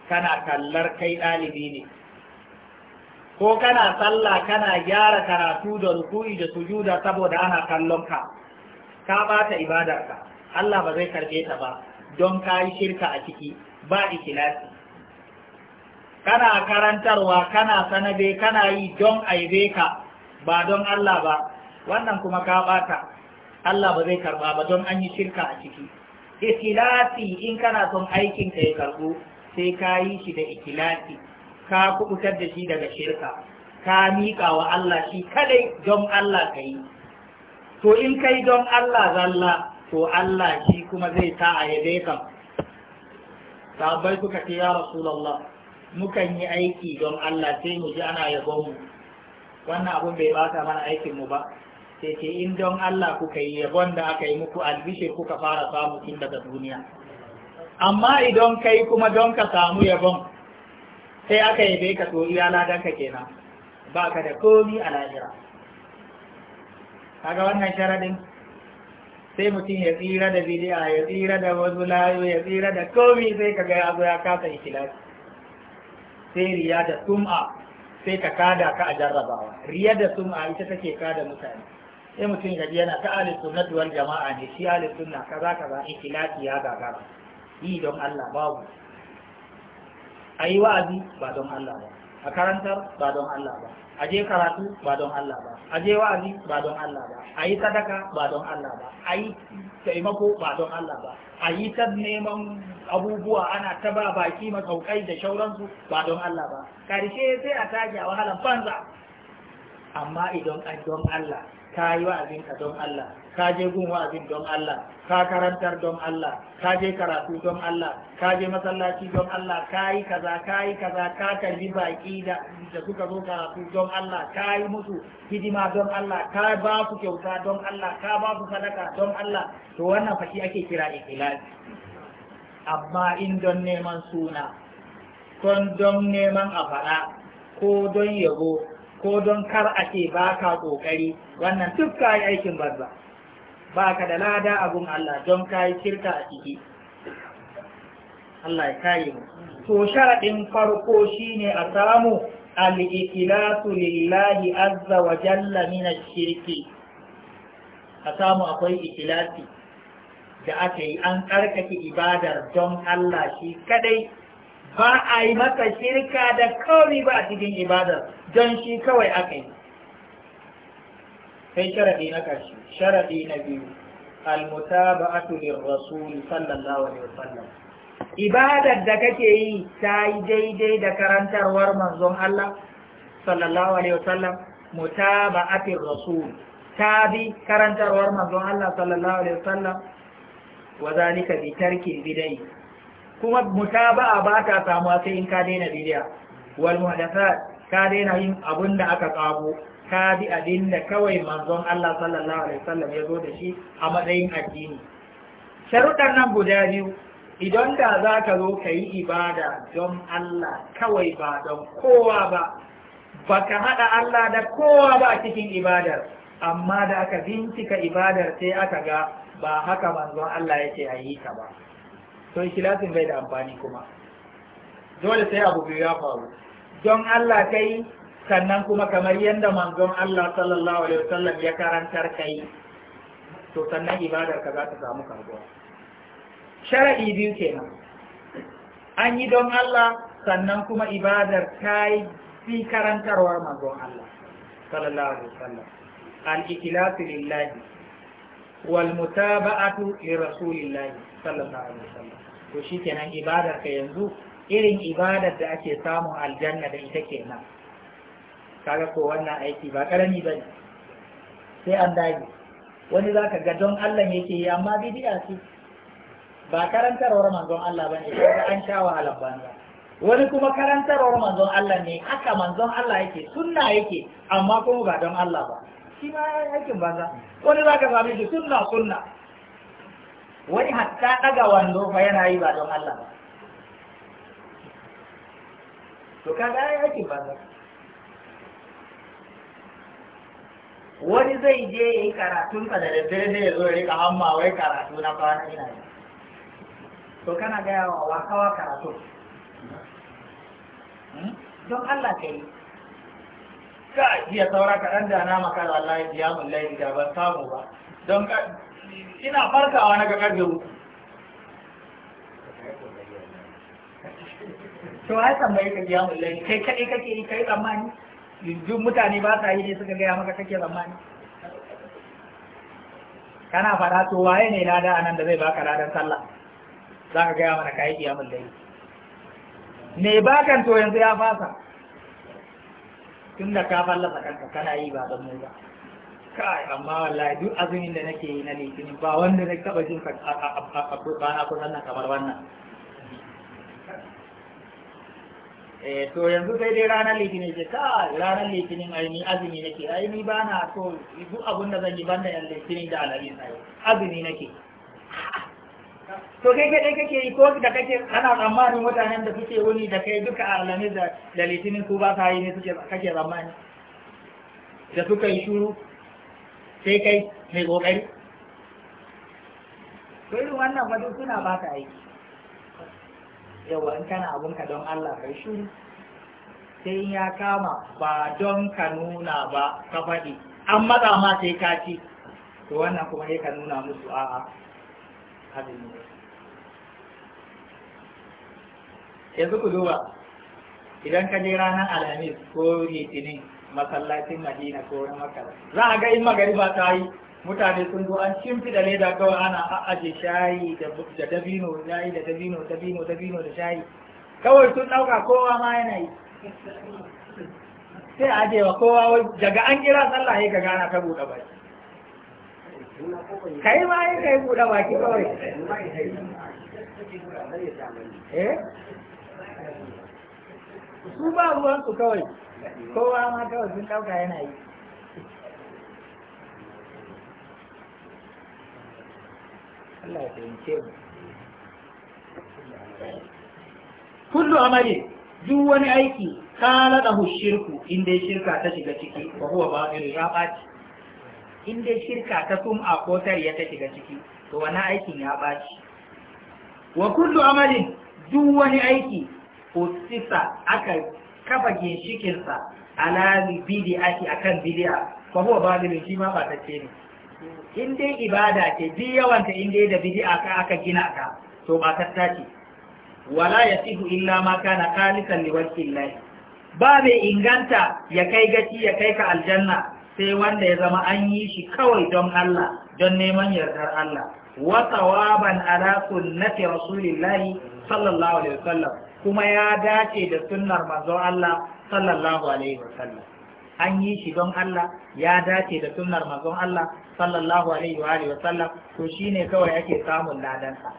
kana kallar kai ɗalibi ne ko kana sallah kana gyara karatu da ruku'i da sujuda saboda ana kallon ka ka bata ibadarka Allah ba zai karbe ta ba don ka yi shirka a ciki ba ikilasi kana karantarwa kana sanabe kana yi don aibe ka ba don Allah ba wannan kuma ka bata Allah ba zai karba ba don an yi shirka a ciki ikilasi in kana son aikin ka ya karbu sai ka yi shi da ikilasi ka kubutar da shi daga shirka ka miƙa wa Allah shi kadai don Allah ka yi to in kai don Allah zalla to Allah shi kuma zai sa a yabe ka sabai kuka ce ya rasulullah mukan yi aiki don Allah sai mu ji ana yabon mu wannan abun bai bata mana aikin mu ba sai ce in don Allah kuka yi yabon da aka yi muku albishir kuka fara samu tun daga duniya amma idan kai kuma don ka samu yabon sai aka yabe ka to iya ladanka kenan ba ka da komi a lahira kaga wannan sharadin sai mutum ya tsira da bidi'a ya tsira da wazu layo ya tsira da komi sai ka ga yazo ya kasa ikhlasi sai riya da sum'a sai ka kada ka a jarrabawa riya da sum'a ita take kada mutane sai mutum gaji yana ta ahli sunna wal jama'a ne shi ahli sunna kaza kaza ikhlasi ya gaga yi don Allah babu ayi wa'azi ba don Allah ba a karantar ba don Allah ba a je karatu ba don Allah ba a je wa'azi ba don Allah ba a yi sadaka ba don Allah ba a yi taimako ba don Allah ba a yi ta neman abubuwa ana ta ba baki masaukai da shauransu ba don Allah ba karshe sai a tage a wahalar banza amma idan an don Allah ka yi wa'azinka don Allah ka je gun wa'azin don Allah ka karantar don Allah ka je karatu don Allah ka je masallaci don Allah ka yi kaza ka yi kaza ka kalli baki da suka zo karatu don Allah ka yi musu hidima don Allah ka ba ku kyauta don Allah ka ba ku sadaka don Allah to wannan fashi ake kira ikhlas amma in don neman suna kon don neman a ko don yabo ko don kar a ce ba ka ƙoƙari wannan duk ka yi aikin banza ba ka da lada abun Allah don ka yi shirka a ciki Allah ya kayi mu to sharaɗin farko shine a samu al-ikhlasu lillahi azza wa jalla min shirki a samu akwai ikhlasi da aka yi an karkake ibadar don Allah shi kadai ba a yi masa shirka da kawai ba a cikin ibada, don shi kawai aka yi sai sharaɗi na ƙarshe sharaɗi na biyu tulin lirrasul sallallahu alaihi wasallam ibadar da kake yi ta yi daidai da karantarwar manzon Allah sallallahu alaihi wasallam tulin rasul ta bi karantarwar manzon Allah sallallahu alaihi wasallam wa zalika bi tarkin bidai kuma mutaba'a ba ta samuwa sai in ka daina bidiya wal muhdathat ka daina yin abin da aka kago ka bi abin da kawai manzon Allah sallallahu alaihi wasallam ya zo da shi a matsayin addini sharuɗan nan guda biyu idan da za ka zo ka yi ibada don Allah kawai ba don kowa ba ba ka haɗa Allah da kowa ba cikin ibadar amma da aka bincika ibadar sai aka ga ba haka manzon Allah yake a yi ta ba to ikilasin bai da amfani kuma dole sai abu biyu ya faru don Allah kai sannan kuma kamar yadda manzon Allah sallallahu alaihi wasallam ya karantar kai to sannan ibadar ka za ta samu karbuwa shar'i biyu kenan an yi don Allah sannan kuma ibadar ta yi fi karantarwar manzon Allah sallallahu alaihi wasallam al-ikhlasu lillahi wal mutaba'atu li rasulillahi sallallahu alaihi wasallam to shikenan ibadar ka yanzu irin ibadar da ake samun aljanna da ita kenan kaga ko wannan aiki ba karami bane sai an dage wani zaka ga don Allah yake yi amma bidi'a ce ba karantarwar manzon Allah bane sai an sha wahalar banza wani kuma karantarwar manzon Allah ne haka manzon Allah yake sunna yake amma kuma ba don Allah ba shi ma ya aikin banza wani za ka same shi sunna sunna wani hatta daga wando fa yana yi ba don Allah ba to kaga ya yi aikin banza wani zai je ya yi karatun sa da daddare zai zo ya rika hamma wai karatu na kwana ina ne? to kana gaya wa wakawa karatu hmm? don Allah ka yi ka iya saura kaɗan da na maka da Allah ya mun laili da ban samu ba don ka ina farkawa na ga karfe uku to ai tambayi ka ya mun laili kai kaɗai kake yi kai tsammani yanzu mutane ba sa yi ne suka gaya maka kake tsammani kana faɗa to waye ne lada anan da zai baka ladan sallah za ka gaya mana kayi mun laili me bakan to yanzu ya fasa tun da ka fallasa kanka kana yi ba don ba kai amma wallahi duk azumin da nake yi na litinin ba wanda na taba jin a kusan nan kamar wannan eh to yanzu sai dai ranar litinin ce kai ranar litinin ai ni azumi nake ai ni ba na so duk abin da zan yi banda yan litinin da alamin sai azumi nake to kai kai kake yi ko da kake ana tsammanin mutanen da suke wuni da kai duka a alamis da litinin su ba sa yi ne suke kake tsammani da suka yi shuru sai kai mai kokari to irin wannan wajen suna ba ka aiki yawa in kana abinka don Allah kai shuru sai ya kama ba don ka nuna ba ka faɗi an matsa ma sai ka ci to wannan kuma sai ka nuna musu a'a azumi yanzu ku duba idan ka je ranar alhamis ko litinin masallacin madina ko wani makala za a ga in ba ta yi mutane sun zo an shimfi da leda kawai ana aje shayi da dabino shayi da dabino dabino dabino da shayi kawai sun ɗauka kowa ma yana yi sai a ajewa kowa daga an kira sallah ya ga gana ta buɗe baki kai ma yi kai buɗe baki kawai eh su ba ruwansu kawai kowa ma kawai sun ɗauka yana yi Allah ya fahimce mu kullu amali duk wani aiki kala da hushirku inda shirka ta shiga ciki ba huwa ba ya ɓaci in dai shirka ta a kotar ya ta shiga ciki to wani aikin ya ɓaci wa kullu amalin duk wani aiki usisa aka kafa ginshikinsa ala bid'ati akan bid'a fa huwa batilun shi ma ba ta ce ne in dai ibada ce yawan ta in dai da bid'a ka aka gina ka to ba ta tace wala yasihu illa ma kana khalisan liwajhi llahi ba mai inganta ya kai gaci ya kai ka aljanna sai wanda ya zama an yi shi kawai don Allah don neman yardar Allah wa tsawaban ala sunnati rasulillahi sallallahu alaihi wasallam kuma ya dace da sunnar manzon Allah sallallahu alaihi wasallam an yi shi don Allah ya dace da sunnar manzon Allah sallallahu alaihi wa sallam to shine kawai ake samun sa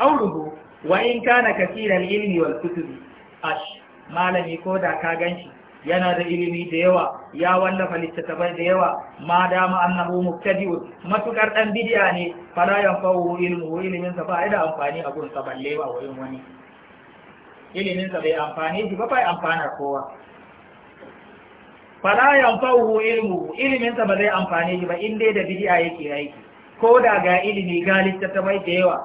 qawluhu wa in kana kaseeral ilmi wal kutubi ash malami ko da ka ganshi yana da ilimi da yawa ya wallafa littattafai da yawa ma dama annahu mubtadi'un matukar dan bid'a ne fala yanfa'u ilmuhu ilimin sa ba da amfani a gurin sa balle ba wurin wani ilimin sa bai amfani shi ba bai amfana kowa fala yanfa'u ilmu ilimin sa ba zai amfane shi ba in da bid'a yake aiki ko da ga ilimi ga littattafai da yawa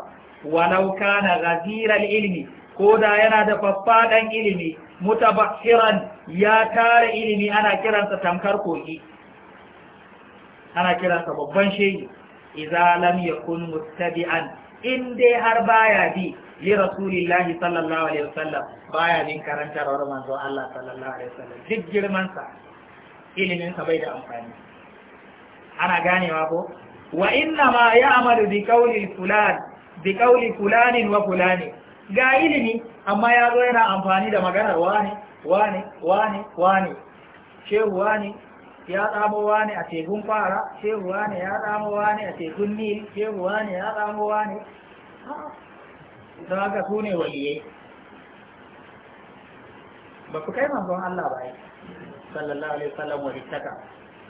walau kana ghaziral ilmi ko da yana da faffadan ilimi mutabakhiran ya tare ilimi ana kiransa tamkar kogi ana kiransa babban shehi idza lam yakun muttabi'an in dai har baya bi li rasulillahi sallallahu alaihi wasallam baya bin karantarwar manzo Allah sallallahu alaihi wasallam duk girman sa ilimin sa bai da amfani ana ganewa ko wa inna ma ya'malu bi qawli fulan bi qawli fulanin wa fulani. ga ilimi amma ya zo yana amfani da maganar wane wane wane wane shehu wane ya tsamo wane a tekun fara shehu wane ya tsamo wane a tekun nil shehu wane ya tsamo wane don haka su ne waliyai ba ku kai manzon Allah ba yi sallallahu alaihi wasallam walittaka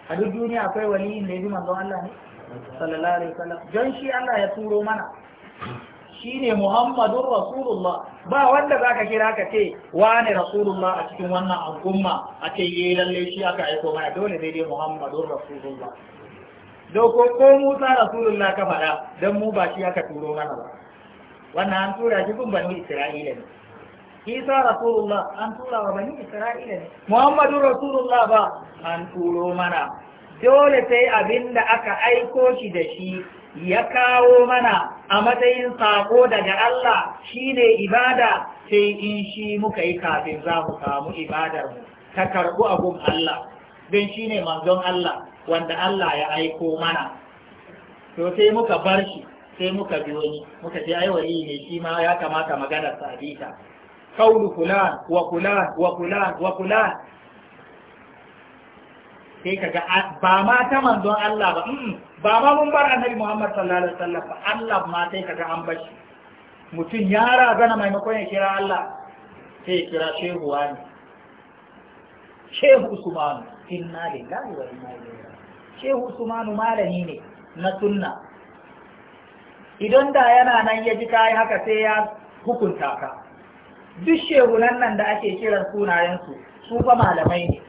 a duk duniya akwai waliyin da ya bi manzon Allah ne sallallahu alaihi wasallam don shi Allah ya turo mana shine Muhammadun Rasulullah ba wanda zaka kira ka ce wani Rasulullah a cikin wannan al'umma a ce ye eh, lalle shi aka aiko mana dole dai dai Muhammadun Rasulullah doko ko Musa Rasulullah ka faɗa dan mu ba shi aka turo mana ba wannan an tura shi gun bani Isra'ila ne Isa Rasulullah an tura wa bani Isra'ila ne Muhammadun Rasulullah ba an turo mana dole sai abinda aka aiko shi da shi ya kawo mana a matsayin sako daga Allah shine ibada sai in shi muka yi kafin za mu samu ibadar mu ta a abun Allah don shi ne manzon Allah wanda Allah ya aiko mana to sai muka bar shi sai muka bi wani muka ce ai wani ne shi ma ya kamata maganar sa ta. kaulu kula wa kula wa kula wa kula! sai ga ba ma ta manzon Allah ba mm, ba ma mun bar annabi Muhammad sallallahu alaihi wasallam ba Allah ma sai kaga an bashi. mutum ya razana maimakon ya kira Allah sai ya kira shehu wani shehu Usman inna lillahi wa inna ilaihi shehu Usman malami ne na sunna idan da yana nan ya ji kayi haka sai ya hukunta ka duk shehunan nan da ake kiran su, su fa malamai ne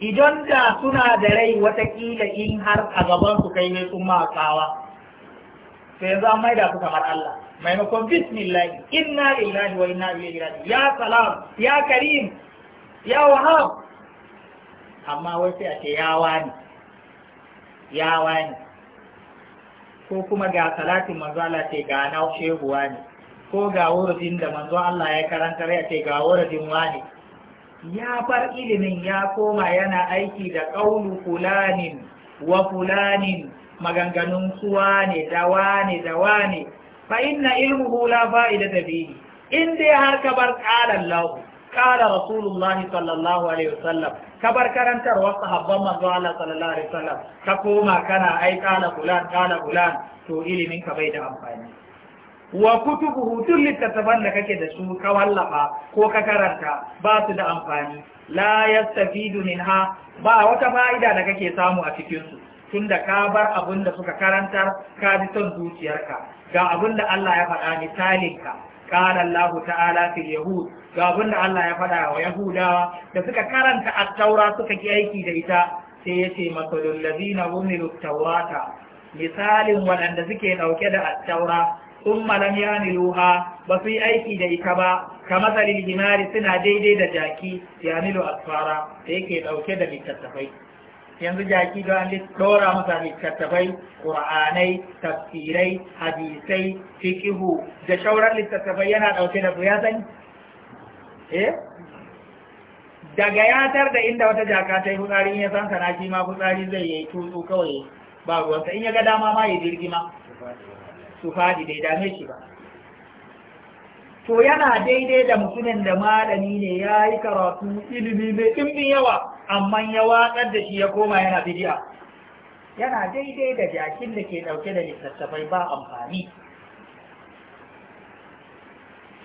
idan da suna da rai watakila in har a gaban su kai ne sun makawa to yanzu an maida su kamar Allah maimakon bismillah inna lillahi wa inna ilaihi raji ya salam ya karim ya wahab amma wai sai a ce ya wani ya wani ko kuma ga salatin manzo Allah ce ga nau shehuwa ne ko ga wurin da manzo Allah ya karanta ya ce ga wurin wani ya bar ilimin ya koma yana aiki da ƙaunu fulanin wa fulanin maganganun suwa ne da wane da wane fa inna ilmuhu la fa'idata biyu. in dai har ka bar qala Allah qala Rasulullah sallallahu alaihi wasallam ka bar karantar wasu sahabban manzo Allah sallallahu alaihi wasallam ka koma kana ai qala fulan qala fulan to ilimin ka bai da amfani wa kutubuhu hutun littattafan da kake da su ka wallafa ko ka karanta ba su da amfani la yastafidu minha ba wata fa'ida da kake samu a cikin su tunda ka bar abin da suka karanta ka ji son zuciyarka ga abin da Allah ya faɗa misalin ka qala Allah ta'ala yahud ga abin da Allah ya faɗa wa yahudawa da suka karanta at-taura suka ki aiki da ita sai yace masalul ladina umilu tawrata misalin waɗanda suke ɗauke da at umma lam yamiluha ba su yi aiki da ita ba Ka salil himari suna daidai da jaki yamilu asfara da yake dauke da littattafai yanzu jaki don an dora masa littattafai Ƙura'anai, tafsirai hadisai fikihu da shauran littattafai yana dauke da ya sani eh daga tar da inda wata jaka ta yi fitsari in ya san sana shi ma fitsari zai yi tutsu kawai ba ruwansa in ya ga dama ma ya jirgi ma tufadi bai dame shi ba to yana daidai da mutumin da malami ne ya yi karatu ilimi mai ɗimbin yawa amma ya watsar da shi ya koma yana bidiya yana daidai da jakin da ke ɗauke da littattafai ba amfani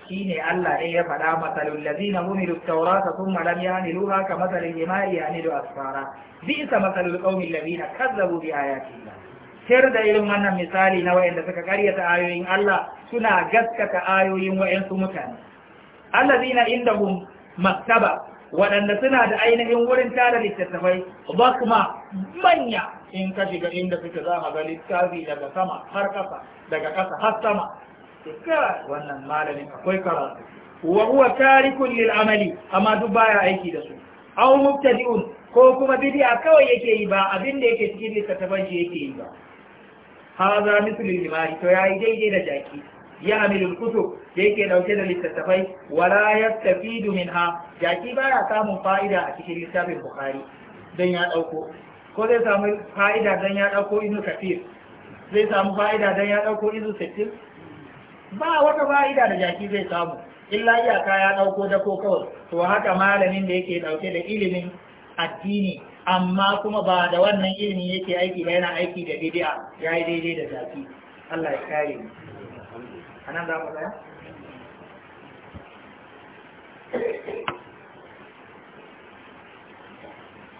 shi ne Allah ɗaya ya faɗa matsalin lazina umiru taurata sun malam ya nilu haka matsalin jima'i ya da asfara bisa matsalin ƙaunin lazina kazzabu bi ayatin Allah tir da irin wannan misali na wayanda suka karyata ayoyin Allah suna gaskata ayoyin wayansu mutane allazina indahum maktaba waɗanda suna da ainihin wurin tara littattafai bakma manya in ka shiga inda suke za ka ga littafi daga sama har ƙasa daga ƙasa har sama duka wannan malamin akwai karatu wa huwa tarikun lil amali amma duk baya aiki da su aw mubtadi'un ko kuma bidi'a kawai yake yi ba abin da yake cikin littattafan shi yake yi ba haza mislul himari to yayi daidai da jaki ya amilul kutub da yake dauke da littattafai wala yastafidu minha jaki baya samun fa'ida a cikin littafin bukhari dan ya dauko ko zai samu fa'ida dan ya dauko ibnu kafir zai samu fa'ida dan ya dauko ibnu sittin ba wata fa'ida da jaki zai samu illa iyaka ya dauko da kawai to haka malamin da yake dauke da ilimin addini amma kuma ba da wannan ilimin yake aiki da yana aiki da bid'a ya yi daidai da zafi Allah ya kare ne anan za mu tsaya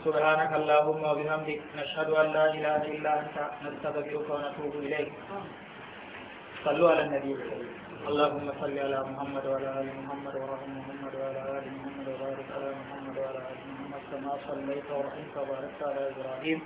سبحانك اللهم وبحمدك نشهد أن لا إله إلا أنت نستغفرك ونتوب إليك صلوا على النبي الكريم اللهم صل على محمد وعلى آل محمد وعلى محمد وعلى آل محمد وبارك على محمد وعلى آل محمد كما صليت ورحمت وباركت على إبراهيم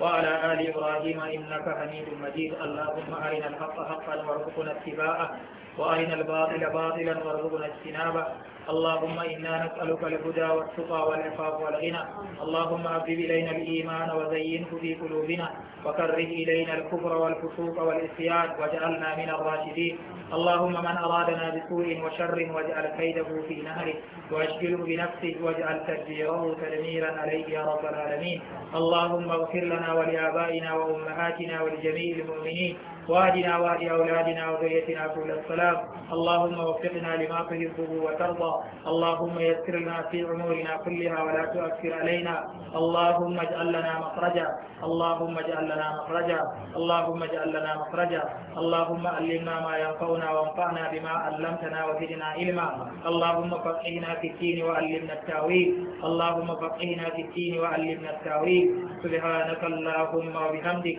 وعلى آل إبراهيم إنك حميد مجيد اللهم أرنا الحق حقا وارزقنا اتباعه وأرنا الباطل باطلا وارزقنا اجتنابه اللهم إنا نسألك الهدى والتقى والعفاف والغنى اللهم أبب إلينا الإيمان وزينه في قلوبنا وكره إلينا الكفر والفسوق والإسياد واجعلنا من الراشدين اللهم من أرادنا بسوء وشر واجعل كيده في نهره واشغله بنفسه واجعل تدبيره تدميرا عليه يا رب العالمين اللهم اغفر لنا ولآبائنا وأمهاتنا ولجميع المؤمنين وادنا وادي أولادنا وذريتنا سبل السلام اللهم وفقنا لما تحبه وترضى اللهم يسر لنا في أمورنا كلها ولا تؤثر علينا اللهم اجعل لنا مخرجا اللهم اجعل لنا مخرجا اللهم اجعل لنا مخرجا اللهم علمنا ما ينفعنا وانفعنا بما علمتنا وزدنا علما اللهم فقهنا في الدين وعلمنا التاويل اللهم فقهنا في الدين وعلمنا التاويل سبحانك اللهم وبحمدك